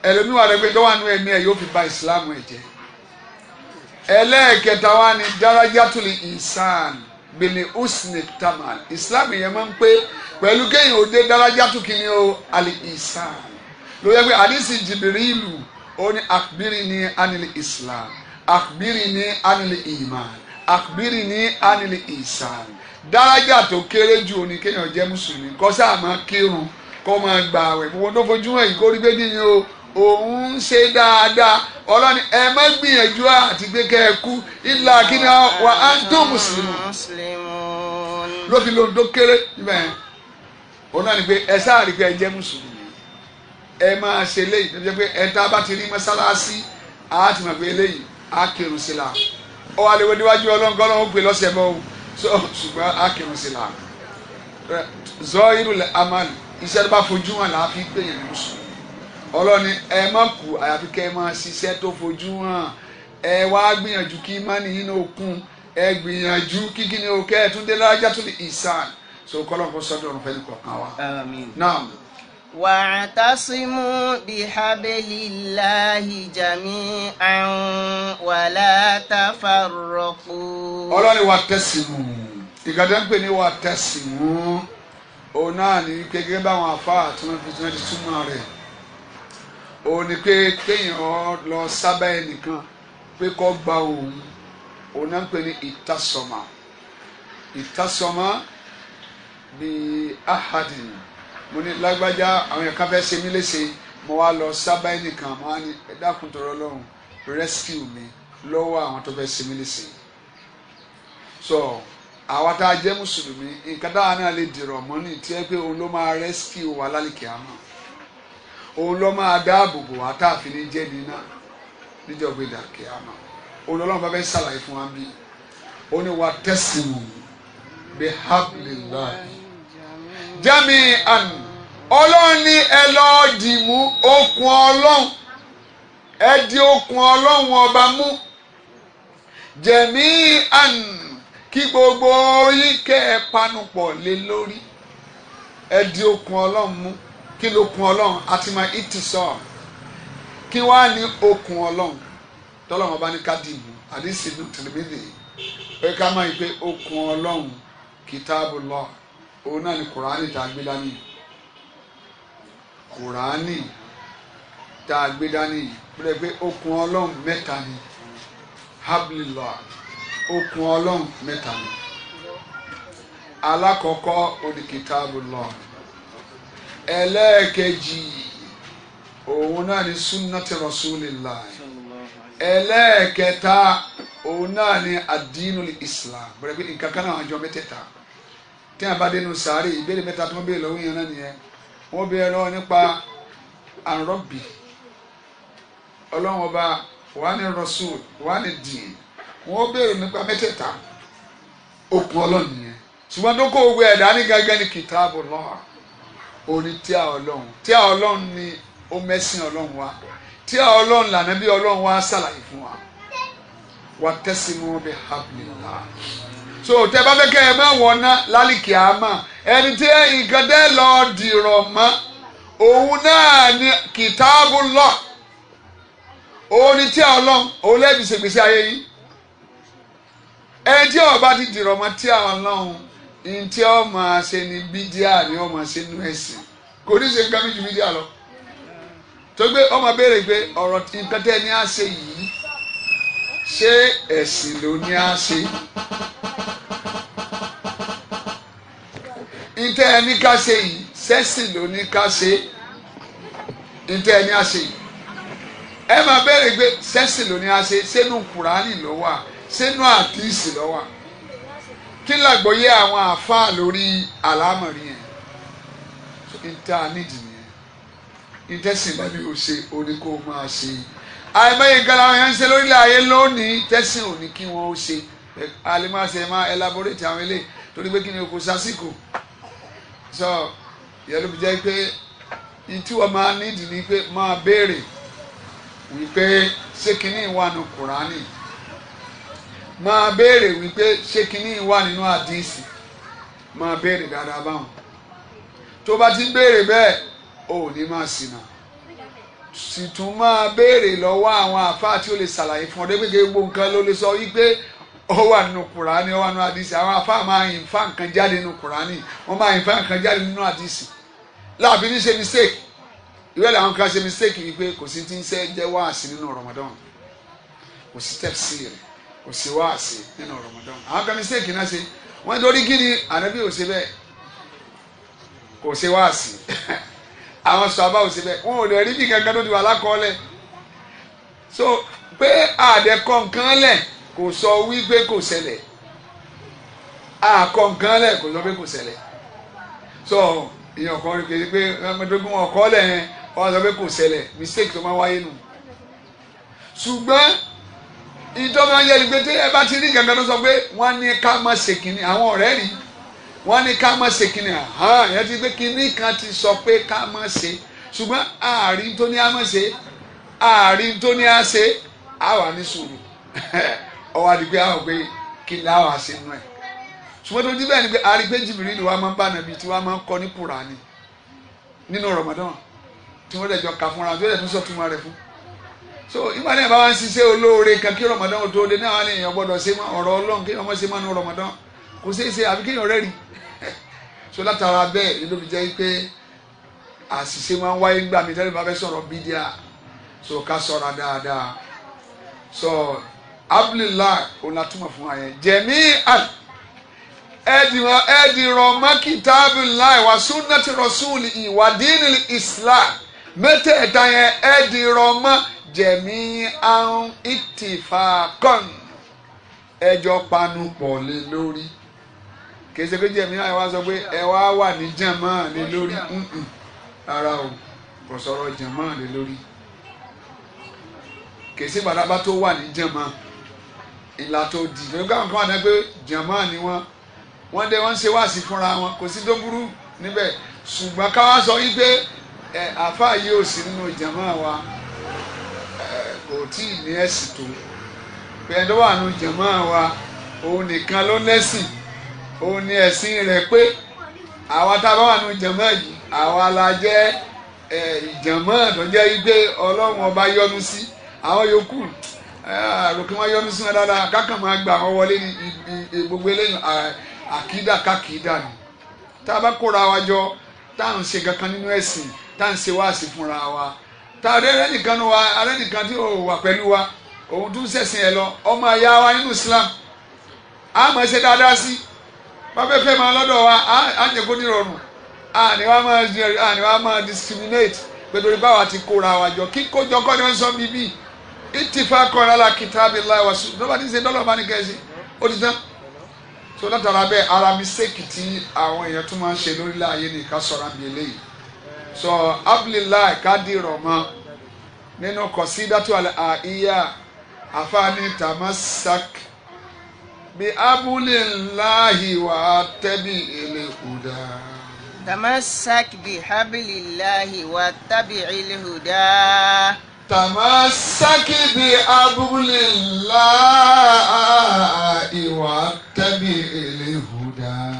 ẹlòmíwà rẹ pé ìtọ́wànú ẹ̀mí ẹ̀ yóò fi ba ìsìlámù ẹ̀ jẹ́ ẹlẹ́ẹ̀kẹta wa ni darajatuli insan bìlì usni tamal ìsìlámù yẹn máa ń pé pẹ̀lú kéèyàn òde darajatu kìíní o àlè insan ló yẹ pé àdìsí jìbìrì ìlú ó ní akbiri ní anili islam akbiri ní anili iman akbiri ní anili isan dárájà tó kéré ju ní kéèyàn jẹ́ mùsùlùmí kó sáà máa kírun kó máa gbààwẹ̀ fún wọn tó fojú hàn yìí kó rí bẹ́ẹ̀ nìyẹn o òun ń ṣe dáadáa ọlọ́ni ẹ má gbìyànjú àti pé kẹ́ ẹ kú ilà kíni wà á ń tó mùsùlùmí lóbi lóhun tó kéré níbẹ̀ yẹn òun náà ni pé ẹ sáà rí pé ẹ jẹ́ mùsùlùmí ẹ máa ṣe eléyìí tó fi jẹ́ pé ẹ̀ta bá ti rí mọ́sálásí á ti mọ̀ pé eléyìí a kírun sí la ọ wà léwu níwájú ọlọ́run kọ́ lọ́wọ́ pé lọ́sẹ̀ bọ́ o ṣùgbọ́n á kírun sí la zọ irú amal iṣẹ́ tó bá fojú hàn là á fi gbé yẹn lóṣù ọlọ́ni ẹ má kú àyàfi kẹ́ ẹ máa ṣiṣẹ́ tó fojú hàn ẹ wá gbìyànjú kí má nìyí náà kún ẹ gbìyànjú kíkí ni o kẹ́ ẹ tún dé lára jàtúndì ìsàn so kọ́lọ́n kó sọ́dọ̀ ọ̀run fẹ́ẹ́ ní kọ̀ọ̀kan wa. Àmín. Naam. واعتصموا بحبل الله جميعا ولا تفرقوا ọlọ́ni wa tẹ̀sìmù ìgbàdàn pé ní wa tẹ̀sìmù òun náà ní gẹ́gẹ́ báwọn afáà tí wọ́n fi tí ti túmọ̀ rẹ̀ òun ni pé kéèyàn lọ sábà ẹnìkan pé kó gba òun òun náà ń ní ìtasọ̀mà ìtasọ̀mà bíi ahadin mo ní lágbájá àwọn èèyàn fẹ́ ṣe mí léṣe mo wá lọ sábà ẹnìkan mo wá ní ẹ dákun tọrọ Ọlọ́run rescue mi lọ́wọ́ àwọn tó fẹ́ ṣe mí léṣe so àwa tá a jẹ́ mùsùlùmí nǹkan táwa náà lè dìrọ̀ mọ́ ní tí pé òun ló máa rescue wa lálìkẹ́ àmọ́ òun ló máa dáàbò bò wá tá a fi ní jẹ́ ní náà níjọba ìdàkẹ́ àmọ́ òun lọ́lọ́run bá fẹ́ ṣàlàyé fún wa bí ó ní wa tẹ́sìmù bí hablillahi jami an ọlọ́run ní ẹ lọ́ọ́ dì mú okùn ọlọ́run ẹ di okùn ọlọ́run ọba mú jẹ̀mí àn kí gbogbo yín kẹ́ ẹ panupọ̀ lé lórí ẹ di okùn ọlọ́run mú kí lókun ọlọ́run àti máa ìtì sọ kí wá ní okùn ọlọ́run tọ́lọ́run ọba ní ká dì mú àdìsí inú tìrìmìlì pé ká máa yí pé okùn ọlọ́run kìtàbù lọ òun náà ní kùránì tá a gbé dání yìí kùránì tá a gbé dání yìí pẹ́ẹ́ pé okùn ọlọ́run mẹ́ta ni hablillah okùn ọlọ́run mẹ́ta ni alákọ̀ọ́kọ́ oníkìtàbùlọ̀ ẹlẹ́ẹ̀kejì òun náà ni sunnati rasulillah ẹlẹ́ẹ̀kẹta òun náà ni adínul islam pẹ́ẹ́ pé nǹkan kan náà àjọ mẹ́tẹ̀ẹ̀ta tí a bá dénú sáré ìbéèrè mẹ́ta tó ń béèrè lọ́wọ́ yẹn náà nìyẹn wọ́n bèèrè lọ́wọ́ nípa àrọ́bì ọlọ́run ọba wà rasul wà ní dìín wọ́n bèèrè nípa mẹ́tẹ̀ẹ̀ta òkun ọlọ́run nìyẹn ṣùgbọ́n tó kó owó ẹ̀dá ní gángan ní kìtàbù lọ́wọ́ orí tíà ọlọ́run tíà ọlọ́run ni ó mẹ́sìn ọlọ́run wa tíà ọlọ́run lànà bí ọlọ́run wa ṣàlàyé fún wa wà tẹ́sí mọ́ bí hablillah so tẹ bá fẹ́ kẹ́ ẹ má wọná lálìkì àmà ẹni tí nǹkan tẹ́ lọ dìrọ̀ mọ́ òun náà ni kìtáàbù lọ òun ni tí a lọ òun lẹ́bi ṣègbèsè ayé yìí ẹni tí ọba ti dìrọ̀ mọ́ tí a lọ ní tí ọ máa ṣe ni bídíà ni ọ máa ṣe nú ẹ̀sìn kò ní ṣe nǹkan méjì bídíà lọ tó gbé ọmọ béèrè pé ọ̀rọ̀ nǹkan tẹ́ ni a ṣe yìí ṣé ẹ̀sìn ló ní a ṣe ntẹ ẹni ká ṣe yìí sẹ́sìn ló ní ká ṣe ntẹ ẹni á ṣe yìí ẹ máa bẹ̀rẹ̀ pé sẹ́sìn ló ní á ṣe sínú kùránì ló wà sínú àdìsí ló wà kí làgbọ́yé àwọn àáfàá lórí àlámọ̀rí yẹn ntẹ àníjì nìyẹn ntẹ sì lẹ́bi ò ṣe oníkó máa ṣe àìmọye nǹkan làwọn yẹn ń ṣe lórílẹ̀ ayé lónìí tẹ́sìn ò kí wọ́n ó ṣe alẹ́ máa ṣe máa elaborate àwọn eléyìí torí pé kí ni o kò sásìkò so ìyẹn ló fi jẹ́ pé ìtú ọmọ nídìí ni pé máa béèrè wípé ṣé kinní wà nínú kùránì máa béèrè wípé ṣé kinní wà nínú àdìsí máa béèrè dáadáa báwọn tó bá ti ń béèrè bẹ́ẹ̀ ò ní máa ṣìnà sì tún máa béèrè lọ́wọ́ àwọn àfáà tí ó lè ṣàlàyé fún ọ gbogbo nǹkan ló lè sọ wípé ó wà nínú kùránì ó wà nínú àdìsí àwọn afá máa yìn fá nǹkan jáde nínú kùránì wọ́n máa yìn fá nǹkan jáde nínú àdìsí láàbí ní ṣe mistake ìwé làwọn kan ṣe mistake wípé kò sí ti ń ṣe jẹ́ wáàsí nínú Ramadan kò sí tafsir kò sí wáàsí nínú Ramadan àwọn kan mistake náà ṣe wọ́n torí gidi ni ànábì ò ṣe bẹ́ẹ̀ kò ṣe wáàsí àwọn sọ̀bà ò sí bẹ́ẹ̀ wọn ò lè rí bí kankan tó ti wà lákọọ́lẹ̀ so pé àdẹ̀kọ̀ nǹkan lẹ̀ kò sọ wípé kò ṣẹlẹ̀ àkọǹkan lẹ̀ kò sọ pé kò ṣẹlẹ̀ so èèyàn kan rí i pé ọmọdégún ọkọ lẹ̀ wọ́n sọ pé kò ṣẹlẹ̀ mistake tó máa wáyé nù ṣùgbọ́n ìjọba yẹn ni pé tí ẹ bá ti rí gangan tó sọ pé wọ́n ní ká má ṣe kínní àwọn ọ̀rẹ́ rí wọ́n ní ká má ṣe kínní hàn ẹ ti pé kínní kan ti sọ pé ká má ṣe ṣùgbọ́n ààrin tó ní á ṣe ààrin tó ní á ṣe ní sùúrù ọwọ́ adigun àwọn pé kí ni àwọn àṣẹ nù ẹ̀ ṣùgbọ́n tó dí bẹ́ẹ̀ ni pé arígbé jìbìrì ni wàá máa ń bá nàbí tí wàá máa ń kọ́ ní kùránì nínú Ramadan tí wọ́n dẹ̀jọ kà fúnra tí wọ́n dẹ̀ tún sọ̀túnmọ́ rẹ̀ fún so ìgbà náà bá wá ń ṣiṣẹ́ olóore kan kí Ramadan ò tó de náà wà ní èèyàn gbọ́dọ̀ ṣe ọ̀rọ̀ Ọlọ́run kí wọ́n ṣe máa nu Ramadan kò ṣeé ṣe àbí kéèyàn rẹ́rìn so látara bẹ́ẹ̀ ni ló fi jẹ́ pé àṣìṣe máa ń wáyé nígbà tẹ́lẹ̀ bá fẹ́ sọ̀rọ̀ bídíà so ká sọ̀ra dáadáa so abdullahi onatuma fún ayẹ jẹmí al ẹdì rọmọ kitabillahi wa sunnati rasuli wa dinil islam mẹ́tẹ̀ẹ̀ta yẹn ẹdì rọmọ jẹmí ahun ìtìfàkọ́n ẹjọ́ panu pọ̀ lé lórí kèsì pé jẹmí wa sọ pé ẹ wá wà ní jẹ̀mọ́ lé lórí rárá o kò sọ̀rọ̀ jẹ̀mọ́ lé lórí kèsì bàdàbà tó wà ní jẹ̀mọ́ ìlà tó di nígbà wọn kọ́ àná pé jàmáà ni wọn wọn dé wọn ṣe wáàsí fúnra wọn kò sí tó burú níbẹ̀ ṣùgbọ́n káwá sọ yí pé ẹ àfa yìí ò sí nínú jàmáà wa ẹ kò tí ì ní ẹ̀sìn tó pé ẹni tó wà nínú jàmáà wa òun nìkan ló lẹ́sìn òun ni ẹ̀sìn rẹ̀ pé àwa tá a bá wà nínú jàmáà yìí àwa la jẹ́ ìjàmáà tó jẹ́ yí pé ọlọ́run ọba yọ́nú sí àwọn yòókù àròkè wọn yọnu sí wọn dáadáa kákan máa gba àwọn wọlé ní gbogbo eléyìí àkídà kákìdà ni tá a bá kóra wa jọ tá à ń ṣe kankan nínú ẹ̀sìn tá à ń ṣe wáàsí fúnra wa tá a wa arẹ́ nìkan tí ò wà pẹ̀lú wa òun tún ṣẹ̀sìn ẹ̀ lọ ọmọ wa nínú Islam a máa ṣe dáadáa sí bàbá fẹ́ máa wa a jẹ́ kó nírọ̀rùn wa ti kóra wa jọ kí ìtìfà kọ́ra la kìtàbí láì wá sí lọ́ba ní ṣe dọ́lọ́ bá ní kẹ́sì ó ti tán so látara bẹ́ẹ̀ ara mistake tí àwọn èèyàn tún máa ń ṣe lórílẹ̀ ayé ní ká sọ̀rọ̀ àbí so abdullahi kadirọ̀ mọ́ nínú kọ̀sídàtú àìyá àfáàní tamasak bí abúlé láàhì wà á tẹ́bí ilé kúdà. tamasak bí abúlé láàhì wà á tẹ́bí ilé kúdà. تمسك بأبل الله واتبع الهدى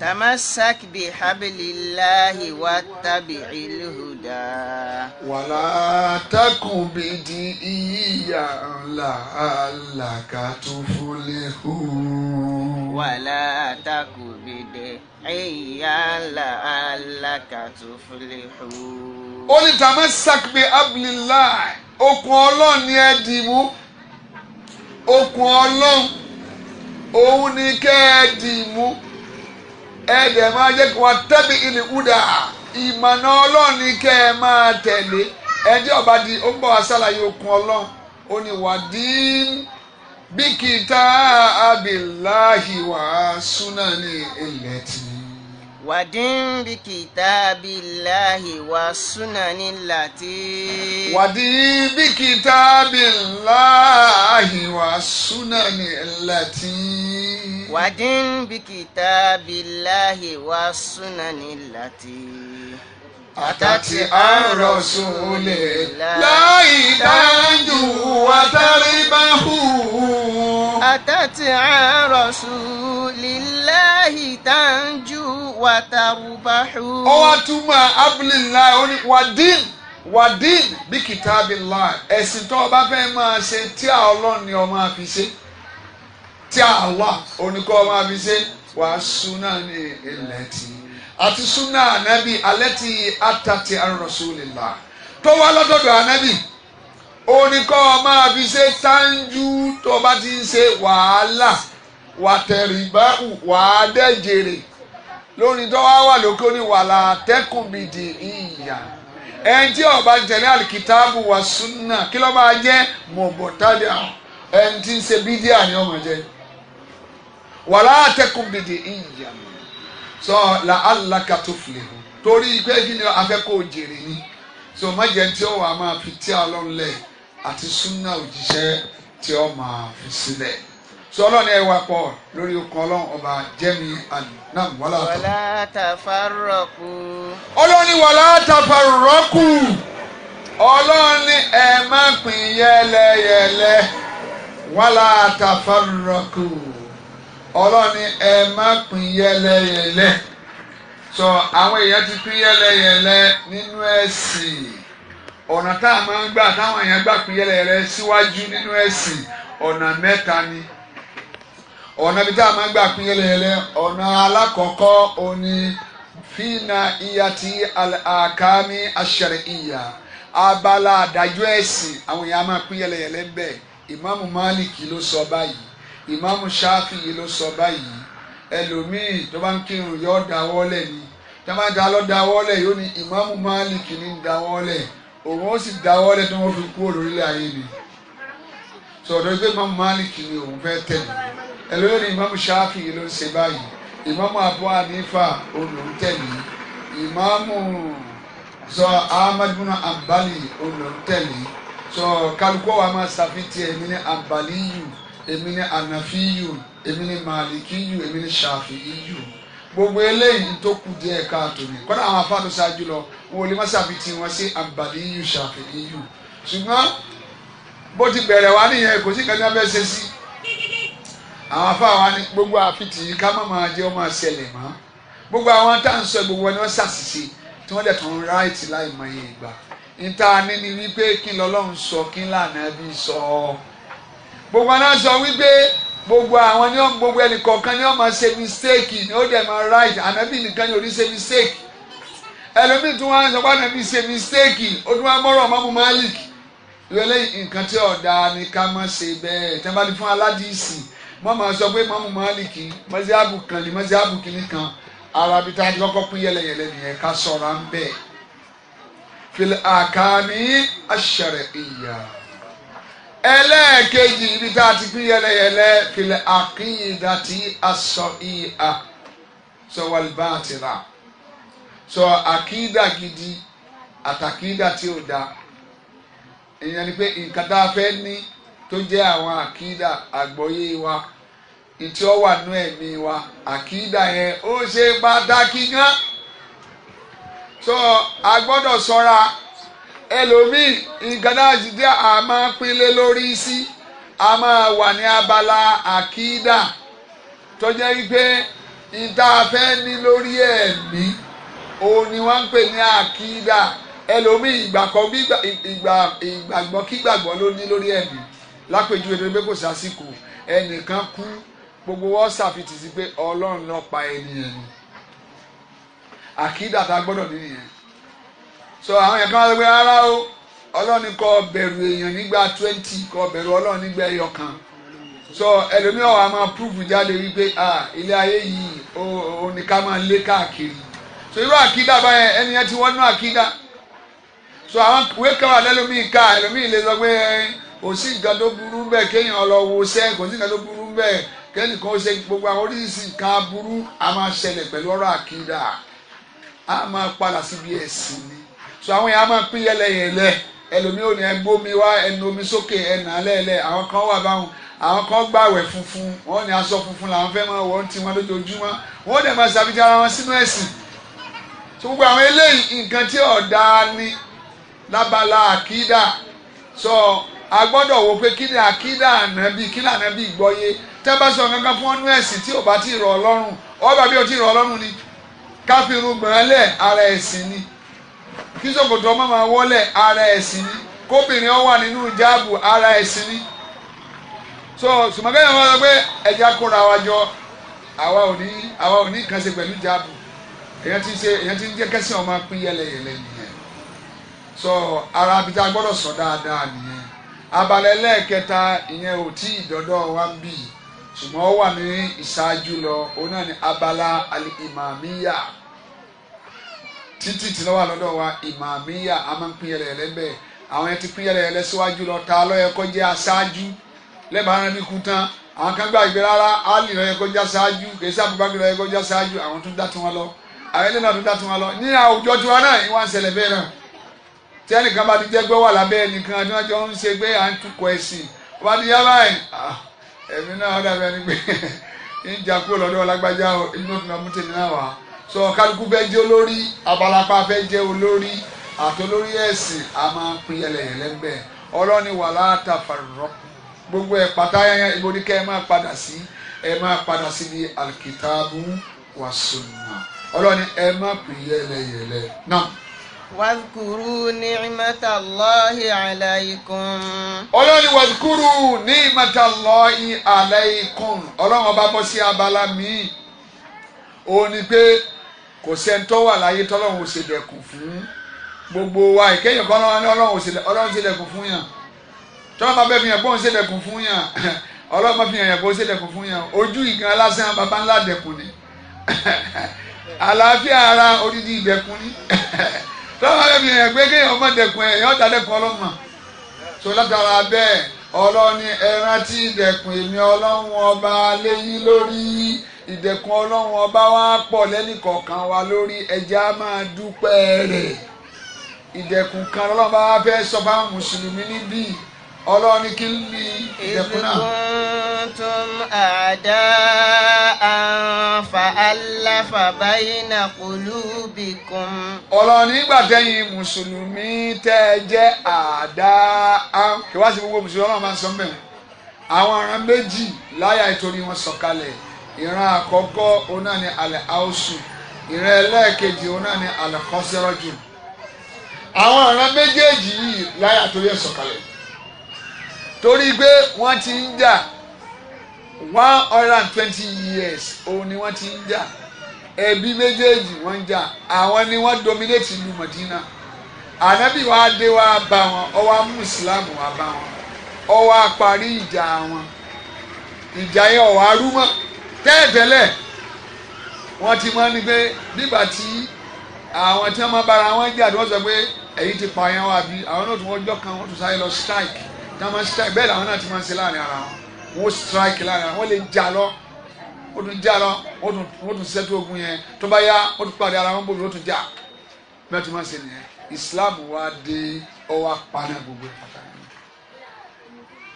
تمسك بحبل الله واتبع الهدى ولا تكن بدئيا لعلك تفلح ولا تكن بدئيا حيا لعلك تفلح ó ní tamasak bi abdullahi okùn ọlọ́run ni ẹ dì mú okùn ọlọ́run òun ẹ dì mú ẹ dẹ̀ máa jẹ́ kí wọ́n tẹ́bi ìlúkúdà ìmọ̀nà ẹ di bí kìtà abiláhi wà súnáni ẹlẹ́tì. wàdín bí kìtà abiláhi wà súnáni làtí. wàdín bí kìtà abiláhi wà súnáni làtí. wàdín bí kìtà abiláhi wà súnáni làtí àtàtì àárọ̀ sólè láì dájú àtàríbáhù. àtàtì àárọ̀ sólè láì dájú àtàríbáhù. ó wá túmọ̀ abdullahi ó ní wàdín wàdín bí kìtàbí láì ẹ̀sìn tó o bá fẹ́ máa ṣe tí a ọlọ́run ni o máa fi ṣe tí a wà oníkọ́ máa fi ṣe wàá sùn náà ní ilẹ̀ tì í àti súnà ànábì alẹ́ ti àtàtì ar-rasulillah tó wá lọ́dọ̀dọ̀ ànábì oníkọ́ máa fi ṣe sáńjú tó bá ti ń ṣe wàhálà wàtẹ̀rìbá wàádẹ́jèrè lórí tó wá wà lókè ní wàhálà tẹ́kùnbìdì ìyá ẹni tí ó bá alikitaabu wa súnà kí ló máa jẹ́ mọ̀bọ̀tàdà ẹni tí ń ṣe bídíà ni ó máa wàhálà tẹ́kùnbìdì ìyá sọ la alaka tó filẹ o torí pé kí ni afẹ́kọ̀ọ́ jèrè ni so má jẹ́ tí ó wà máa fi tí Ọlọ́run lẹ̀ àti súnà òjíṣẹ́ tí ó máa fi sílẹ̀ sọ Ọlọ́run ẹ wà pọ̀ lórí okùn Ọlọ́run ọba jẹ́mi anam wàlá tó. wàlá tafarraqu. Ọlọ́run ni wàlá tafarraqu Ọlọ́run ẹ má pín yẹ́lẹ́yẹ́lẹ́ wàlá tafarraqu. ọlọ́ni ẹ má pín yẹlẹyẹlẹ sọ àwọn èèyàn ti pín yẹlẹyẹlẹ nínú ẹ̀sìn ọ̀nà tá a máa ń gbà táwọn èèyàn gbà pín yẹlẹyẹlẹ síwájú nínú ẹ̀sìn ọ̀nà mẹ́ta ni ọ̀nà bí tá a máa ń gbà pín yẹlẹyẹlẹ ọ̀nà alákọ̀ọ́kọ́ òní fina ti àkàmì aṣẹ̀rẹ̀ iya. abala àdájọ́ ẹ̀sìn àwọn èèyàn máa pín yẹlẹyẹlẹ bẹ́ẹ̀ ìmáàmù Málìkì ló sọ báyìí ìmáàmù ṣáfìyí ló sọ báyìí ẹlòmíì tó bá ń kírun yóò dáwọ́lẹ̀ ni tó bá dá lọ dáwọ́lẹ̀ yóò ní ìmáàmù máàlìkì ní dáwọ́lẹ̀ òun ó sì dáwọ́lẹ̀ tó wọ́n fi kú olórílẹ̀ ayé ni sọ̀dọ̀ pé ìmáàmù máàlìkì ni òun fẹ́ tẹ̀lé ẹlòmíì ní ìmáàmù ṣáfìyí ló ń ṣe báyìí ìmáàmù àbú ànífà òun ìmáàmù sọ ahmaduna ambali òun ló ń tẹ̀lé sọ kálukọ́ wa máa ṣàfihàn tiẹ̀ ní ambali yìí èmi ni ànàfíyù èmi ni màlìkíyù èmi ni ṣàfíyù gbogbo eléyìí tó kù díẹ̀ káàtó ni kọ́dà àwọn afáàtò ṣáájú lọ wọn ò lè má ṣàfi tí wọn sí àgbàdíyù ṣàfíyù ṣùgbọ́n bó ti bẹ̀rẹ̀ wá nìyẹn kò sí kankan bẹ́ẹ̀ ṣe sí àwọn afáà wa ni gbogbo àfitì yìí ká má máa jẹ́ ọmọ àṣẹlẹ̀ mọ́ gbogbo àwọn tá à ń sọ gbogbo ni wọ́n ṣàṣìṣe tí wọ́n dẹ̀ tún ráìtì láì mọ iye ìgbà níta ní ni wípé kí lọ́lọ́run sọ kí lànà bí sọ ọ́ gbogbo aná wípé gbogbo àwọn ní gbogbo ẹnì ní wọn máa ṣe mistake ní ó dẹ̀ máa right ànábì nìkan ní orí ṣe mistake ẹlòmíì tún sọ ànábì ṣe mistake mọ́rọ̀ Malik nǹkan tí ọ̀dà ni ká má ṣe bẹ́ẹ̀ tí bá ní fún aládìsí wọ́n máa sọ pé mọ́mú Malik a ti kọ́kọ́ pín yẹlẹyẹlẹ nìyẹn ká sọ̀rọ̀ ẹlẹ́ẹ̀kejì ibi tá a ti pín yẹlẹyẹlẹ filẹ̀ àkíyèdá tí a sọ ìhà sọ wàlúbà àti rà sọ àkíyèdá gidi àtàkíyèdá tí ó da ìyẹn ni pé nǹkan tá a fẹ́ ní tó jẹ́ àwọn àkíyèdá àgbọ́yé wa ìtí ọ wà nú ẹ̀mí wa àkíyèdá yẹn ó ṣe pàtàkì gan so a gbọ́dọ̀ So, ẹlòmíì nǹkan náà ti dé a máa pinlé lórí sí a máa wà ní abala àkídà tó jẹ́ wípé fẹ́ ní lórí ẹ̀mí òun ni wọ́n ń pè ní àkídà ẹlòmíì ìgbàgbọ́ kígbàgbọ́ ló ní lórí ẹ̀mí lápèjúwe tó ń gbé kò sásìkò ẹnìkan kú gbogbo wọn ṣàfitì sí pé ọlọ́run ló pa ẹni ẹni àkídà tá a gbọ́dọ̀ nìyẹn so àwọn yẹn kan wá sọ pé rárá o ọlọ́ọ̀ni kọ́ bẹ̀rù èèyàn nígbà twenty kọ́ bẹ̀rù ọlọ́ọ̀ nígbà ẹyọ kan so ẹlòmíràn wa máa púrúfù jáde wípé ilé ayé yìí ó ní ká máa lé káàkiri so irú àkídà báyẹn ẹni yẹn ti wọ́n nú àkídà so àwọn ìwé kan wà lẹ́lòmíì ká ẹlòmíì lè sọ pé kò sí nǹkan tó burú bẹ́ẹ̀ kéèyàn lọ wo sẹ́ kò sí nǹkan tó burú bẹ́ẹ̀ kẹ́nìkan ó ṣe gbogbo àwọn oríṣiríṣi nǹkan burú a máa ṣẹlẹ̀ pẹ̀lú ọ̀rọ̀ àkídà a máa padà síbi ẹ̀sìn so àwọn yẹn a máa pín yẹlẹyẹlẹ ẹlòmíì ò ní ẹgbó mi wá ẹnu omi sókè ẹnà lẹ́ẹ̀lẹ́ àwọn kan wà báwọn àwọn kan gbàwẹ̀ funfun wọ́n ní aṣọ funfun làwọn fẹ́ máa wọ́n ti wọn lójoojúmọ́ wọ́n dẹ̀ máa ṣàbíjà ara wọn sínú ẹ̀sìn so gbogbo àwọn eléyìí nǹkan tí ọ̀dà ni lábala àkídà sọ a gbọ́dọ̀ wo pé kí ni àkídà ànábì kí ni ànábì gbọ́yé tẹ́ bá sọ kankan fún ọ́nú ẹ̀sìn tí ò bá ti rọ̀ ọlọ́run ọba bí o ti rọ̀ ọlọ́run ni káfíìrù gbọ̀n lẹ̀ ara ẹ̀sìn ni kí ṣòkòtò ọmọ máa wọlé ara ẹ̀sìn ni kóbìnrin ọ wà nínú jáàbù ara ẹ̀sìn ni so sùmọ́kẹ́ yẹn wọ́n sọ pé ẹja kóra wa jọ àwa ò ní àwa ò ní nǹkan ṣe pẹ̀lú jáàbù èyàn ti ṣe èyàn ti ń jẹ́ kẹ́sìn ọmọ pín yẹlẹyẹlẹ nìyẹn so ara abijá gbọ́dọ̀ sọ dáadáa nìyẹn abalẹ̀ lẹ́ẹ̀kẹta ìyẹn ò tí ìdọ́dọ̀ wa ń bì ṣùgbọ́n ó wà ní ìṣáájú lọ òun náà ní abala alimamiya. Al títí tí wọ́n wà lọ́dọ̀ wa ìmàmíyà a máa ń pín yẹlẹyẹlẹ bẹ́ẹ̀ àwọn yẹn ti pín yẹlẹyẹlẹ síwájú lọ ta ló kó jẹ́ aṣáájú lẹ́bàá rẹ̀ bí tán àwọn kan gbà gbé rárá Ali ló yẹ kó jẹ́ aṣáájú kèsì àbúbágbé ló yẹ kó jẹ́ aṣáájú àwọn tún dá tiwọn lọ àwọn ẹlẹ́nà tún dá tiwọn lọ ní àwùjọ tiwọn náà ìwà ń ṣẹlẹ̀ bẹ́ẹ̀ náà tí ẹnìkan bá ti jẹ́ gbọ́ wà lábẹ́ ẹnìkan so kálukú fẹ́ jẹ́ olórí abalapa fẹ́ jẹ́ olórí àtolórí ẹ̀sìn a máa ń pín yẹlẹyẹlẹ ń bẹ̀ ọlọ́ni wà láta fàrọ̀ gbogbo ẹ̀ pátá ibo kẹ́ ẹ máa padà sí ẹ máa padà sí ní alikitaabu wa sunna ọlọ́ni ẹ má pín yẹlẹyẹlẹ náà. Wàzukuru ní ìmọ̀tà lọ́hìn àlàyékùn. Ọlọ́ni wàzukuru ní ìmọ̀tà lọ́hìn àlàyékùn. Ọlọ́run ọba bọ́ sí abala míì. Ó pé kò sẹ́ńtọ́ wà láyé tọ́lọ́run ò ṣe dẹ̀kùn fún gbogbo wa ìkẹyìn kan náà ní ọlọ́run ò ṣe ọlọ́run ṣe dẹ̀kùn fún yàn tọ́lọ́run bá bẹ́ẹ̀ fi hàn pé òun ṣe dẹ̀kùn fún yàn ọlọ́run bá fi hàn pé òun ṣe dẹ̀kùn fún yàn ojú ìgan lásán baba ńlá dẹ̀kùn ni àlàáfíà ara odidi ìdẹ̀kùn ni tọ́lọ́run bá bẹ́ẹ̀ fi hàn pé kéèyàn ọmọ dẹ̀kùn ẹ̀ yọ̀ọ́ dàdẹ̀kùn ọlọ́mọ tó látara bẹ́ẹ̀ ọlọ́ni ẹran tí ìdẹ̀kùn èmi ọlọ́run ọba ìdẹ̀kùn ọlọ́run ọba wa pọ̀ lẹ́nìkọ̀ọ̀kan wa lórí ẹja máa dúpẹ́ rẹ̀ ìdẹ̀kùn kan ọlọ́run bá wá fẹ́ sọ fáwọn mùsùlùmí níbí ọlọ́run ní kí ni ìdẹ̀kùn náà. كنتم أعداء فألف بين قلوبكم. ọlọ́run nígbà tẹ́yìn mùsùlùmí tẹ́ ẹ jẹ́ àdá kí wá sí gbogbo mùsùlùmí ọlọ́run máa ń sọ mẹ́rin àwọn ọ̀ràn méjì láyà ìtorí wọn sọ̀kalẹ̀ ìran àkọ́kọ́ òun náà ni alẹ́ haúsù ìran ẹlẹ́ẹ̀kejì òun náà ni alẹ́ kọ́sẹ́rọ́jù àwọn ìran méjèèjì yìí láyà torí ẹ̀ sọ̀kalẹ̀ torí pé wọ́n ti ń jà one hundred and twenty years òun ni wọ́n ti ń jà ẹbí méjèèjì wọ́n ń jà àwọn ni wọ́n dominate ìlú Madina ànábì wa dé wa bá wọn ó wá mú Islam wa bá wọn ó parí ìjà wọn ìjà yẹn ó rú mọ́ tẹ́lẹ̀tẹ́lẹ̀ wọ́n ti máa ń ní pé nígbà tí àwọn tí wọ́n máa bára wọn jà tí sọ pé èyí ti pààyàn wa bí àwọn náà tún wọ́n jọ́ kan wọ́n tún sáré lọ strike tí wọ́n máa strike bẹ́ẹ̀ làwọn náà ti máa ń ṣe láàrin ara wọn wọ́n strike láàrin ara wọn lè jà lọ ó tún jà lọ ó tún ó tún ṣẹ́tú ogun yẹn tó bá yá ó tún pàdé ara wọn bòbí ó tún jà bẹ́ẹ̀ tí wọ́n ṣe nìyẹn Islam wa dé ọwọ́ apáná gbogbo ìpàtà yẹn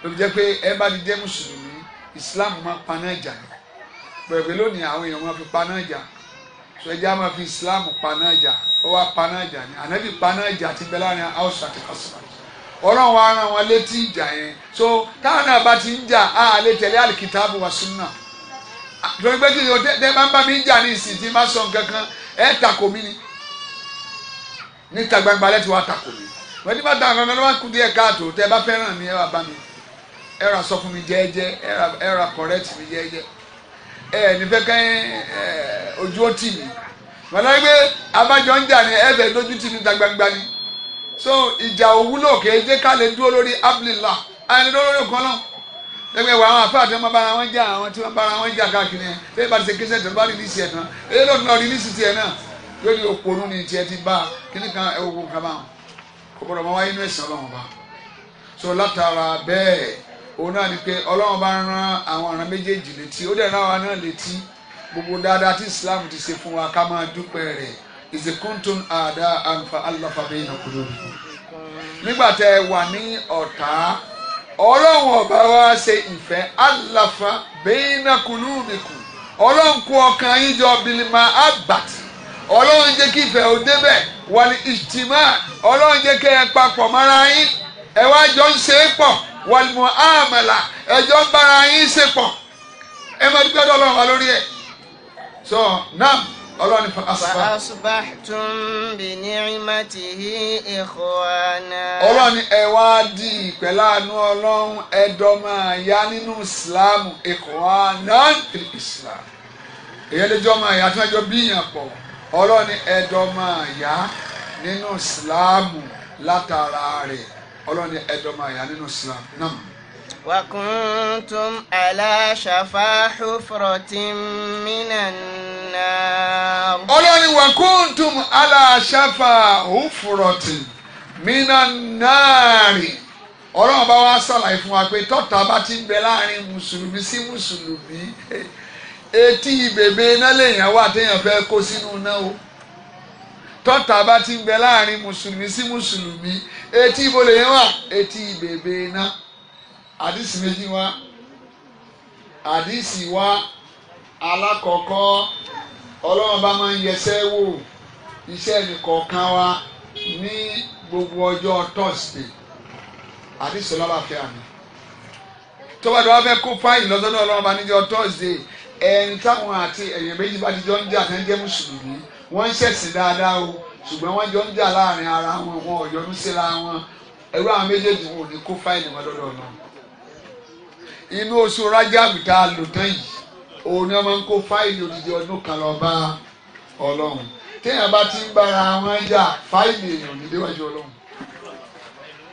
lóbi jẹ́ pé ẹ bá ti jẹ́ mùsùlùmí Islam máa paná ìjà yẹn pẹ̀pẹ́ lónìí àwọn èèyàn máa fi paná ìjà sọjá máa fi Islam paná ìjà ó wá paná ìjà ni ànábì paná ìjà ti bẹ láàrin Hausa àti Katsina ọlọ́run wa rán wọn létí ìjà yẹn so táwọn náà bá ti ń jà á lè tẹ̀lé àlìkìtàbù wa súnà torí pé kí ni tẹ́ bá ń bá mi ń jà ní ìsìn tí má sọ nǹkan kan ẹ̀ tako mi ni níta gbangba lẹ́tí wa tako mi wọ́n ti bá ta àwọn ọlọ́wọ́ kú díẹ̀ káàtó tẹ́ bá fẹ́ràn mi ẹ wà bá mi ẹ ra sọ fún mi jẹ́ẹ́jẹ́ ẹ ra correct mi jẹ́ẹ́jẹ́ ẹ nífẹ̀ẹ́ kẹ́ ẹ ojú ó tì mí mọ̀nà pé abájọ ń jà ní ẹ̀fẹ̀ lójú tì mí gbangba ni so ìjà òwúlò kèé jẹ́ ká lè dúró lórí abdulilá àyẹ̀lẹ́ dúró lórí kan náà ẹgbẹ́ wa àwọn afáàtì wọn bára wọn jà àwọn tí wọn bára wọn jà káàkiri yẹn ṣé bá ti ṣe kéṣẹ́ tó bá rìlíìsì ẹ̀ tán èyí ló tún lọ rìlíìsì tiẹ̀ náà lórí òpònú ni tiẹ̀ ti bá kíní kan ẹ̀wọ̀n kan bá wọn wáyé inú ẹ̀sán lọ́wọ́ bá so látara bẹ́ẹ̀ òun náà ni pé ọlọ́run bá rán àwọn ọ̀ràn méjèèjì létí ó dẹ̀ rán náà gbogbo dáadáa tí islam ti ṣe fún wa ká máa dúpẹ́ rẹ̀ ìsìnkúntún àdá àǹfà aláfàbẹ́ ìnàkúrò nígbà tẹ wà ní ọ̀tá ọlọ́run ọba wa ṣe ìfẹ́ aláfa bẹ́ẹ̀nàkúlù nìkú ọlọ́run kó ọkàn yín jọ bilima ọlọ́run jẹ́ kí ìfẹ́ wà ní ẹ wá jọ ń ṣe é pọ̀ wàlùmọ̀ àmàlà ẹjọ́ ń bára yín ṣe pọ̀ ẹ máa dúpẹ́ dọ́ ọlọ́run lórí ẹ̀ so nam ọlọ́run ní fàásùbà. fàásùbàtún bi ni'matihi ikhwana. ọlọ́run ní ẹ wá di ìpẹ́ láàánú ọlọ́run ẹ̀dọ́ máa yá nínú ìsìláàmù ikhwana ìsìláàmù èyí lè jọ máa yá tí wọ́n jọ bíyàn pọ̀ ọlọ́run ní ẹ̀dọ́ máa yá nínú ìsìláàmù látara rẹ̀. ọlọ́run ni àyà nínú Islam náà. وكنتم على شفا حفرة من النار ọlọ́ni ọlọ́run bá wá sàlàyé fún wa pé tọ́ta bá ti ń bẹ láàrin mùsùlùmí sí mùsùlùmí etí bèbè náà lèèyàn tọ́ta bá ti ń bẹ láàrin mùsùlùmí sí mùsùlùmí etí ibo lè yẹn wà etí bèbè iná àdìsí méjì wá àdìsí wá alákọ̀ọ́kọ́ ọlọ́run bá máa ń yẹsẹ́ wò iṣẹ́ nìkọ̀ọ̀kan wa ní gbogbo ọjọ́ tọ́sídẹ̀ àdìsí ọlọ́láfíà mi tọ́ba tí wọ́n fẹ́ kó fáìlì lọ́sọ́dọ̀ ọlọ́run níjọ́ tọ́sídẹ̀ ẹ̀ ń táwọn àti ẹ̀yìn méjì bá ti jọ ń jà kán mùsùlùmí wọ́n ń ṣẹ̀sìn dáadáa o ṣùgbọ́n wọ́n jọ ń jà láàrin ara wọn wọn ò yọnu síra wọn ẹ̀rọ àwọn méjèèjì wọn ò ní kó fáìlì wọn lọ́dọ̀ náà inú oṣù rájàbù tá a lò tán yìí òun ni wọ́n máa ń kó fáìlì odidi ọdún kan lọ bá ọlọ́run téèyàn bá ti ń bára wọn jà fáìlì èèyàn níléwájú ọlọ́run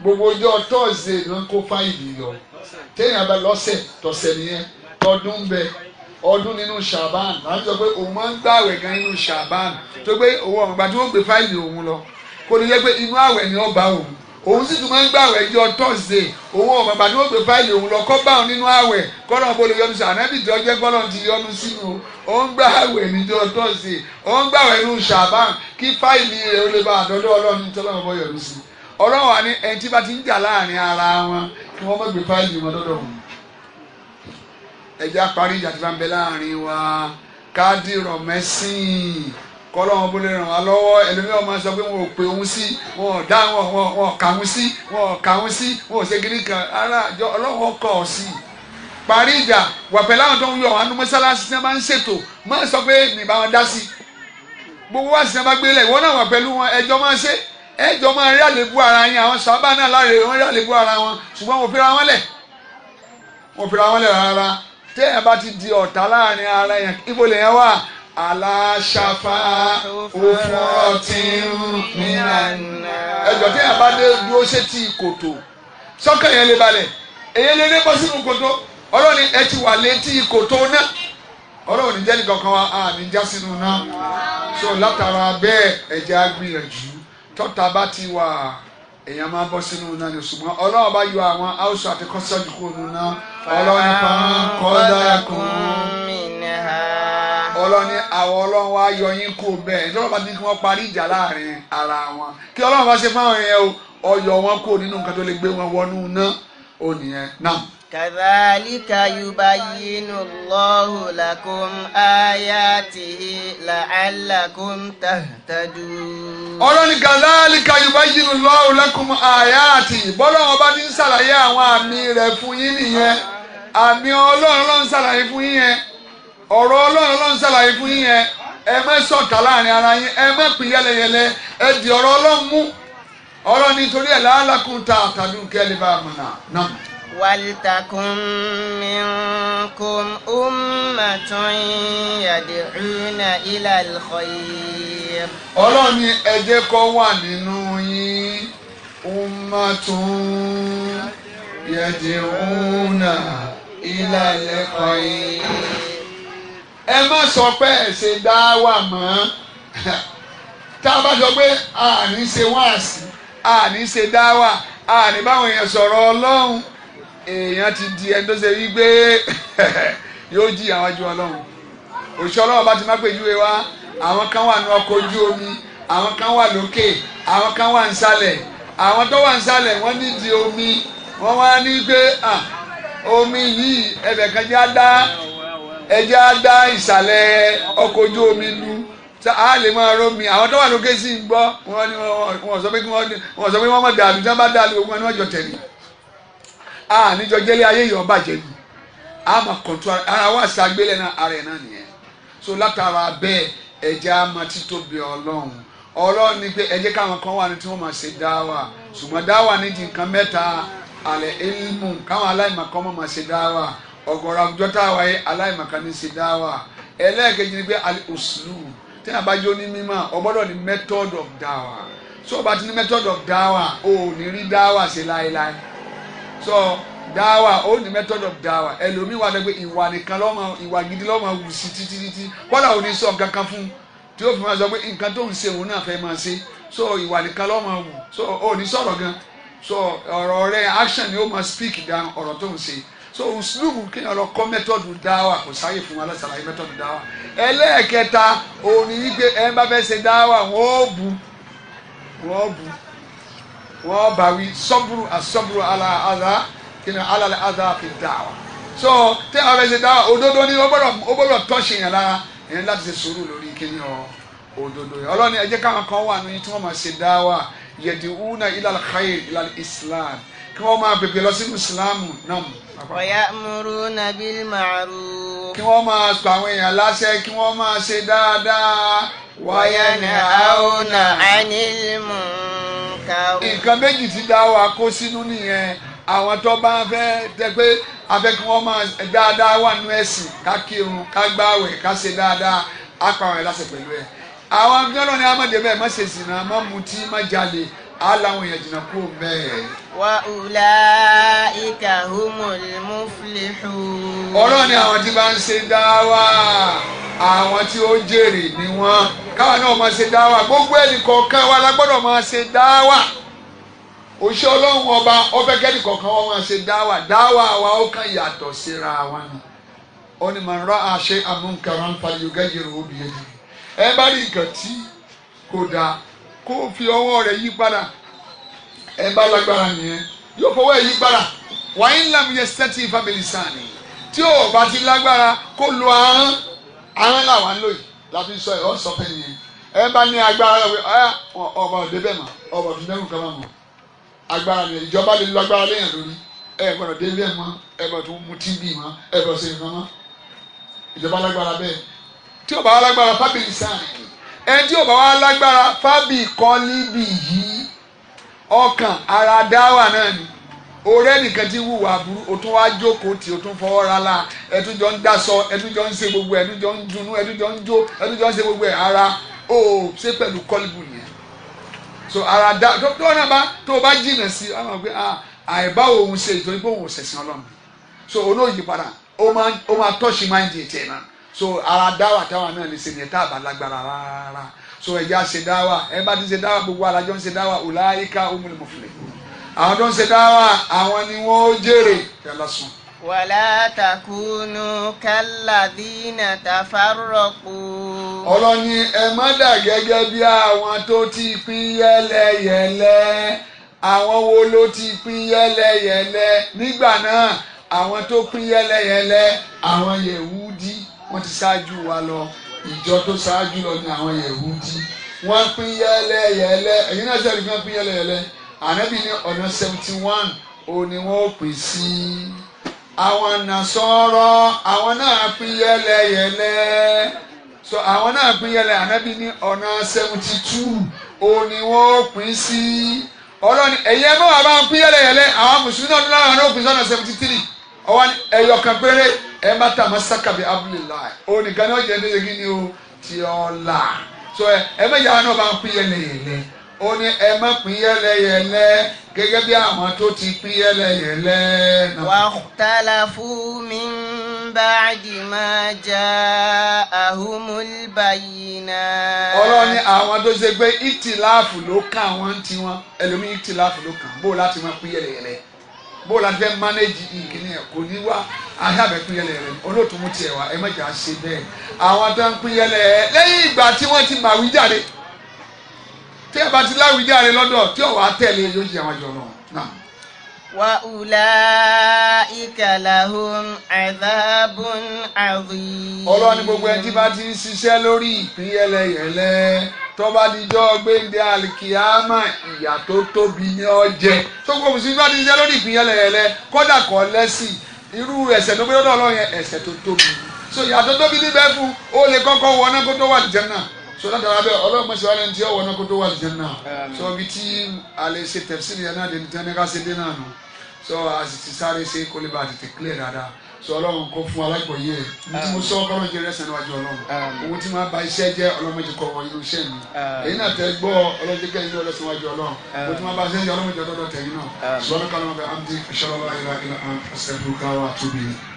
gbogbo ọjọ́ tọ́sídẹ̀ẹ́ ni wọ́n kó fáìlì yọ téèyàn bá lọ́sẹ̀ tọ̀sẹ̀ nìyẹn tọdún bẹ́ẹ̀ ọdún nínú ṣàbán láti sọ pé òun máa ń gbààwẹ̀ gan nínú ṣàbán tó pé òun ọ̀rùn gbà tí wọ́n gbé fáìlì òun lọ kó ní jẹ́ pé inú àwẹ̀ ni ọba òun òun sì tún máa ń gbàwẹ̀ ìjọ tọ́sídẹ̀ òun ọ̀mọ̀ ìgbà tí wọ́n gbé fáìlì òun lọ kọ́ bá òun nínú àwẹ̀ kọ́nà bó lè yọnu sí ànábì tí ọjọ́ gbọ́nà ti yọnu sínú òun gbà àwẹ̀ níjọ tọ́sídẹ̀ òun gbàwẹ̀ nínú ṣàbán kí fáìlì ni ẹni tí bá ti ń jà láàrin ara wọn kí wọ́n má gbé fáìlì wọn lọ́dọ̀ wọn ẹjẹ́ àparí ìjà tí bá ń bẹ láàrin wa káàdì rọ̀ mẹ́sìn kọlọ́wọ́n bó lè ràn wá lọ́wọ́ ẹlòmíràn máa sọ pé wọn ò pè òun sí wọn ò dá wọn wọn ò kà wọn sí wọn ò kà wọn sí wọn ò ṣe kiri kan ara àjọ ọlọ́wọ́ kọ̀ ọ́ sí i parí ìjà wàpẹ̀ láwọn tó ń yọ àwọn mọ́sálásí tí wọ́n bá ń ṣètò máa sọ pé nìbá wọn dá sí i gbogbo wa sì ní wọ́n bá gbélé ìwọ náà wà pẹ̀lú wọn ẹjọ́ máa ṣe ẹjọ́ máa rí àlébù ara yín àwọn sábà náà láre wọn rí àlébù ara wọn ṣùgbọ́n wọn fi téèyàn bá ti di ọ̀tá láàrin ara yẹn ibo lè yẹn wà aláṣàfà òfurọ̀tì nínàná. ẹjọ téèyàn bá dé dúró sétí kòtò sọ́kàn yẹn lè balẹ̀ èyí lè dé bọ́ sínú kòtò ọlọ́ni ẹ ti wà létí kòtò náà ọlọ́run ní nìkankan wa a ní já sínú náà so látara bẹ́ẹ̀ ẹ̀jẹ̀ á gbìyànjú tọ́ta bá ti wà èèyàn máa bọ́ sínú náà ní ṣùgbọ́n ọlọ́run bá yọ àwọn haúsù àti kọ́síọ́jù kúrò nínú náà ọlọ́ni fankọ́dákùn ọlọ́ni àwọn ọlọ́run wá yọ yín kó bẹ́ẹ̀ ìjọba bá ní kí wọ́n parí ìjà láàrin ara wọn kí ọlọ́run bá ṣe fáwọn yẹn o ọyọ wọn kó nínú nǹkan tó lè gbé wọn wọnú náà ó nìyẹn náà. kàdálíkà yorùbá yìí nù lọ́hùn làkùn áyàtì làálàkùn tàdú. ọlọ́ni kàdálíkà yorùbá yìí nù lọ́hùn làkùn áyàtì bọ́lá wọn ní sàlàyé àwọn àmì rẹ̀ fún yín nìyẹn àmì ọlọ́run ló ń ṣàlàyé fún yín yẹn ọ̀rọ̀ ọlọ́run ló ń ṣàlàyé fún yín yẹn ẹ má ṣọ̀tá láàrin ara yín ẹ má pín yẹlẹyẹlẹ ẹ di ọ̀rọ̀ ọlọ́run mú ọlọ́run nítorí ẹ̀ láàlákùn ta àtàdùn kẹ́lẹ́ bá a mọ̀ náà náà. ولتكن منكم أمة يدعون إلى ọlọ́run ní ẹ jẹ́ wà nínú yín ummatun yad'una ìlàlẹ̀ kọ̀yìn. ẹ má sọ pé ẹ ṣe dá wà mọ́ tá a bá sọ pé àní ṣe wáàsí àní ṣe dá wà àní báwọn èèyàn sọ̀rọ̀ ọlọ́run èèyàn ti di ẹni tó ṣe wípé yóò jí àwọn ju ọlọ́run òṣìṣẹ́ ọlọ́run bá ti má pèjúwe wá àwọn kan wà ní ọkọ̀ ojú omi àwọn kan wà lókè àwọn kan wà nísàlẹ̀ àwọn tó wà nísàlẹ̀ wọ́n nídìí omi wọ́n wá ní pé omi yìí ẹnìkan jẹ́ àdá ẹjẹ́ àdá ìsàlẹ̀ ọkọ̀ ojú omi lu a lè máa rómi àwọn tó wà lókè sí ń gbọ́ wọn sọ pé wọn sọ pé wọn mọ̀ dàlú tí wọn bá dàlú ogun ẹni wọn jọ tẹ̀lé a níjọ jẹ́lé ayé yìí ọba jẹ̀bi a máa kọ̀ntú ara wa ṣàgbélẹ̀ náà ara ẹ̀ náà nìyẹn so látara bẹ́ẹ̀ ẹ̀jẹ̀ a máa títóbi ọlọ́run ọlọ́run ni pé ẹ̀jẹ̀ káwọn kan wà ní tí wọ́n máa ṣe dáwà ṣùgbọ́n dáwà ní ti nǹkan mẹ́ta alẹ́ ilmu káwọn aláìmọ̀kan ọmọ máa ṣe dáwà ọ̀gọ̀rọ̀ àwùjọ táwa yẹ aláìmọ̀kan ní ṣe dáwà ẹlẹ́ẹ̀kejì ni pé alẹ́ òṣèlú tí a bá jó ní mímọ́ ọ gbọ́dọ̀ ní method of dáwà so ọba ti ní method of dáwà o ò ní rí dáwà ṣe láéláé so dáwà ó ní method of dáwà ẹlòmíì wà dẹ́gbẹ́ ìwà nìkan lọ́mọ ìwà gidi lọ́mọ wù sí títí títí kọ́lá ò ní sọ nǹkan kan fún tí ó fi máa sọ pé nǹkan tó ń se òun náà fẹ́ máa ṣe so ìwà nìkan lọ́mọ wù so ò ní sọ̀rọ̀ gan-an so ọrọ rẹ action ni o ma speak down ọ̀rọ̀ tó ń ṣe so usulubu kéèyàn lọ kọ́ mẹ́tọ́dù dáwà kò sáyè fún wa lọ́sàlàyé mẹ́tọ́dù dáwà ẹlẹ́ẹ̀kẹta òun wípé ẹ bá fẹ́ ṣe dáwà wọ́n bu wọ́n bu wọ́n ala ala fi so tẹ́ fẹ́ ṣe ni gbọ́dọ̀ lára láti ṣe sùúrù lórí kan wà tí wọ́n máa ṣe yẹdiwuna ilal khayr ilal islam kí wọ́n máa bèbè lọ sínú islam náà. wa ya'muruna bil ma'ruf. kí wọ́n máa gba àwọn èèyàn láṣẹ kí wọ́n máa ṣe dáadáa. wa yanhauna 'anil munkar. nǹkan méjì ti dá wa kó sínú nìyẹn àwọn tó bá fẹ́ tẹ pé afẹ́ kí wọ́n máa dáadáa wà nínú ẹ̀sìn ká kírun ká gbààwẹ̀ ká ṣe dáadáa á pa àwọn ẹ̀ láṣẹ pẹ̀lú ẹ̀. àwọn akẹ́lọ́ ni amadé bẹ́ẹ̀ má ṣèṣì náà má mutí má jalè á láwọn èèyàn jìnnà kú bẹ́ẹ̀. wa ulaika humul muflihun. ọlọ́run ni àwọn tí bá ń ṣe tí ó jèrè ni wọ́n káwọn náà máa ṣe dáwà gbogbo ẹnì kọ̀ọ̀kan wa la gbọ́dọ̀ máa ṣe dáwà ọlọ́run ni màá rọ àṣẹ ń ẹ bá rí nǹkan tí kò dáa kó fi ọwọ́ rẹ̀ yí padà ẹ bá lágbára nìyẹn yóò fọwọ́ ẹ̀ yí padà wàá ń làm yẹ sẹ́tì family sàn tí ò bá ti lágbára kó lo ahọ́n ahọ́n làwọn ń lò yìí láti sọ ẹ̀ ọ́ sọ pé nìyẹn ẹ bá ní agbára rẹ ọba òde bẹ́ẹ̀ mọ̀ ọba òde bẹ́ẹ̀ kọ́ mọ̀ agbára rẹ ìjọba lè lo agbára lẹ́yìn lórí ẹ gbọ́dọ̀ dé bẹ́ẹ̀ mọ́ ẹ gbọ́dọ̀ tó mutí bì mọ́ ẹ gbọ́dọ̀ sèyí mọ́ ìjọba lágbára bẹ́ẹ̀ tí ò bá wà lágbára fábì sáàyè ẹni tí ò bá wà lágbára fábì kọ́ níbi yìí ọkàn ara dáwà náà ni orí ẹnìkan ti wùwà burú o tún wá jókòó tí o tún fọwọ́ ra la ẹtún jọ ń dasọ ẹtún jọ ń ṣe gbogbo ẹtún jọ ń dùnnú ẹtún jọ ń jó ẹtún ń ṣe gbogbo ẹ ara o ṣe pẹ̀lú kọ́líbù nìyẹn so ara dá tó tó náà bá tó o bá jìnà sí ọmọ pé àìbá òun ṣe ìtọ́jú pé òun ò ṣẹ̀sìn ọlọ́run so onóyìí padà ó máa tọ́ṣì máa ń di ètè náà so ara dáwà táwa náà lè ṣe tá a bá lágbára rárá so ẹja ṣe dáwà ẹ ti ṣe dáwà gbogbo alájọ ń ṣe dáwà ọláyíká omúlẹmọfìlẹ àwọn tó ń ṣe dáwà àwọn ni wọn ó jèrè yàrá wàlá takunu kálàdínà tafarọ̀kù. ọlọ́ni ẹ má dà gẹ́gẹ́ bí àwọn tó ti pín yẹ́lẹ́yẹ́lẹ́ àwọn wo ló ti pín yẹ́lẹ́yẹ́lẹ́ nígbà náà àwọn tó pín yẹ́lẹ́yẹ́lẹ́ àwọn yẹ̀wúdí wọ́n ti ṣáájú wa lọ ìjọ tó ṣáájú lọ ní àwọn Yẹhudi wọ́n pín yẹ́lẹ́yẹ́lẹ́ ẹ̀yin náà sẹ́ni wọ́n pín yẹ́lẹ́yẹ́lẹ́ ànábì ní ọ̀nà seventy one òní wọ́n ó pín sí i àwọn nàṣọ́rọ́ àwọn náà pín yẹ́lẹ́yẹ́lẹ́ so àwọn náà pín yẹ́lẹ́ ànábì ní ọ̀nà seventy two òní wọ́n ó pín sí i ọlọ́ni ẹ̀yẹ mẹ́wàá bá ń pín yẹ́lẹ́yẹ́lẹ́ àwọn mùsùlùmí náà ló láwọn ọ̀nà òpin sọ́nà seventy three ọwọ́ ẹ̀yọ̀kan péré ẹ má ta ma sakabi abdullahi ó ní gani ọjà ẹni yẹn ni o ti ọ la so ẹ má yàrá náà bá ń pín yẹlẹyẹlẹ ó ní ẹ má pín yẹlẹyẹlẹ gẹ́gẹ́ bí àwọn tó ti pín yẹlẹyẹlẹ. واختلفوا من بعد ما جاءهم البينات. ọlọ́ni àwọn tó ṣe pé ìtìláàfù ló kàn wọ́n tiwọn ẹlòmíì ìtìláàfù ló kàn bó láti máa pín yẹlẹyẹlẹ bó la fẹ́ manage ìkíni ẹ̀ kò ní wá ahẹ́ àbẹ̀pínyẹlẹ rẹ olóòtú mú tiẹ̀ wá ẹ má jà ṣe bẹ́ẹ̀ àwọn tó ń pínyẹlẹ ẹ lẹ́yìn ìgbà tí wọ́n ti màwí jáde tí ẹ bá ti láwí jáde lọ́dọ̀ tí ọ̀wá tẹ̀lé e, yóò ṣe àwọn àjọ náà wàhùláìkà لَهُمْ عَذَابٌ عَظِيمٌ. ọlọ́run gbogbo ẹni bá ti ń ṣiṣẹ́ lórí ìpín yẹlẹyẹlẹ tó bá dijọ́ gbéǹde alikiyama ìyà tó tóbi ní ọjẹ́ tó gbogbo sí bá ti ṣiṣẹ́ lórí ìpín yẹlẹyẹlẹ kódà kọ́ lẹ́sìn irú ẹ̀ṣẹ̀ tó gbé lọ́dọ̀ ọlọ́run yẹn tó tóbi so ìyà tó tóbi níbẹ̀ fún ó lè kọ́kọ́ wọ kó tó wà lìjẹ́ náà so láti ara bẹ́ẹ̀ ọlọ́run mọ̀sẹ̀ wàlẹ̀ ntí ọ̀wọ́ náà kó tó wà lìjẹ́ náà so ibi tí alẹ́ ṣe tẹ̀síìrì yẹn náà dé ní tẹ́ni ká ṣe dé náà nù so a sì ti sáré ṣe kó lè ba tètè clear dáadáa so ọlọ́run kó fún alágbọ̀yé ẹ̀ ní tí mo sọ ọkọ́rọ̀ jẹrẹ sẹ́nu wájú ọlọ́run owó tí máa ba iṣẹ́ jẹ́ ọlọ́mọdé kọ wọ inú iṣẹ́ mi èyí náà tẹ gbọ́ ọlọ́dẹ kẹ́ inú ọlọ́sìn wájú ọlọ́run owó tí máa ba iṣẹ́ jẹ́ ọlọ́mọdé ọdọ́dọ́ tẹ̀yìn náà ṣùgbọ́n ọlọ́kọ̀ ọlọ́mọdé àmì ìṣọ́lọ́lá ìlà ìlà àṣẹ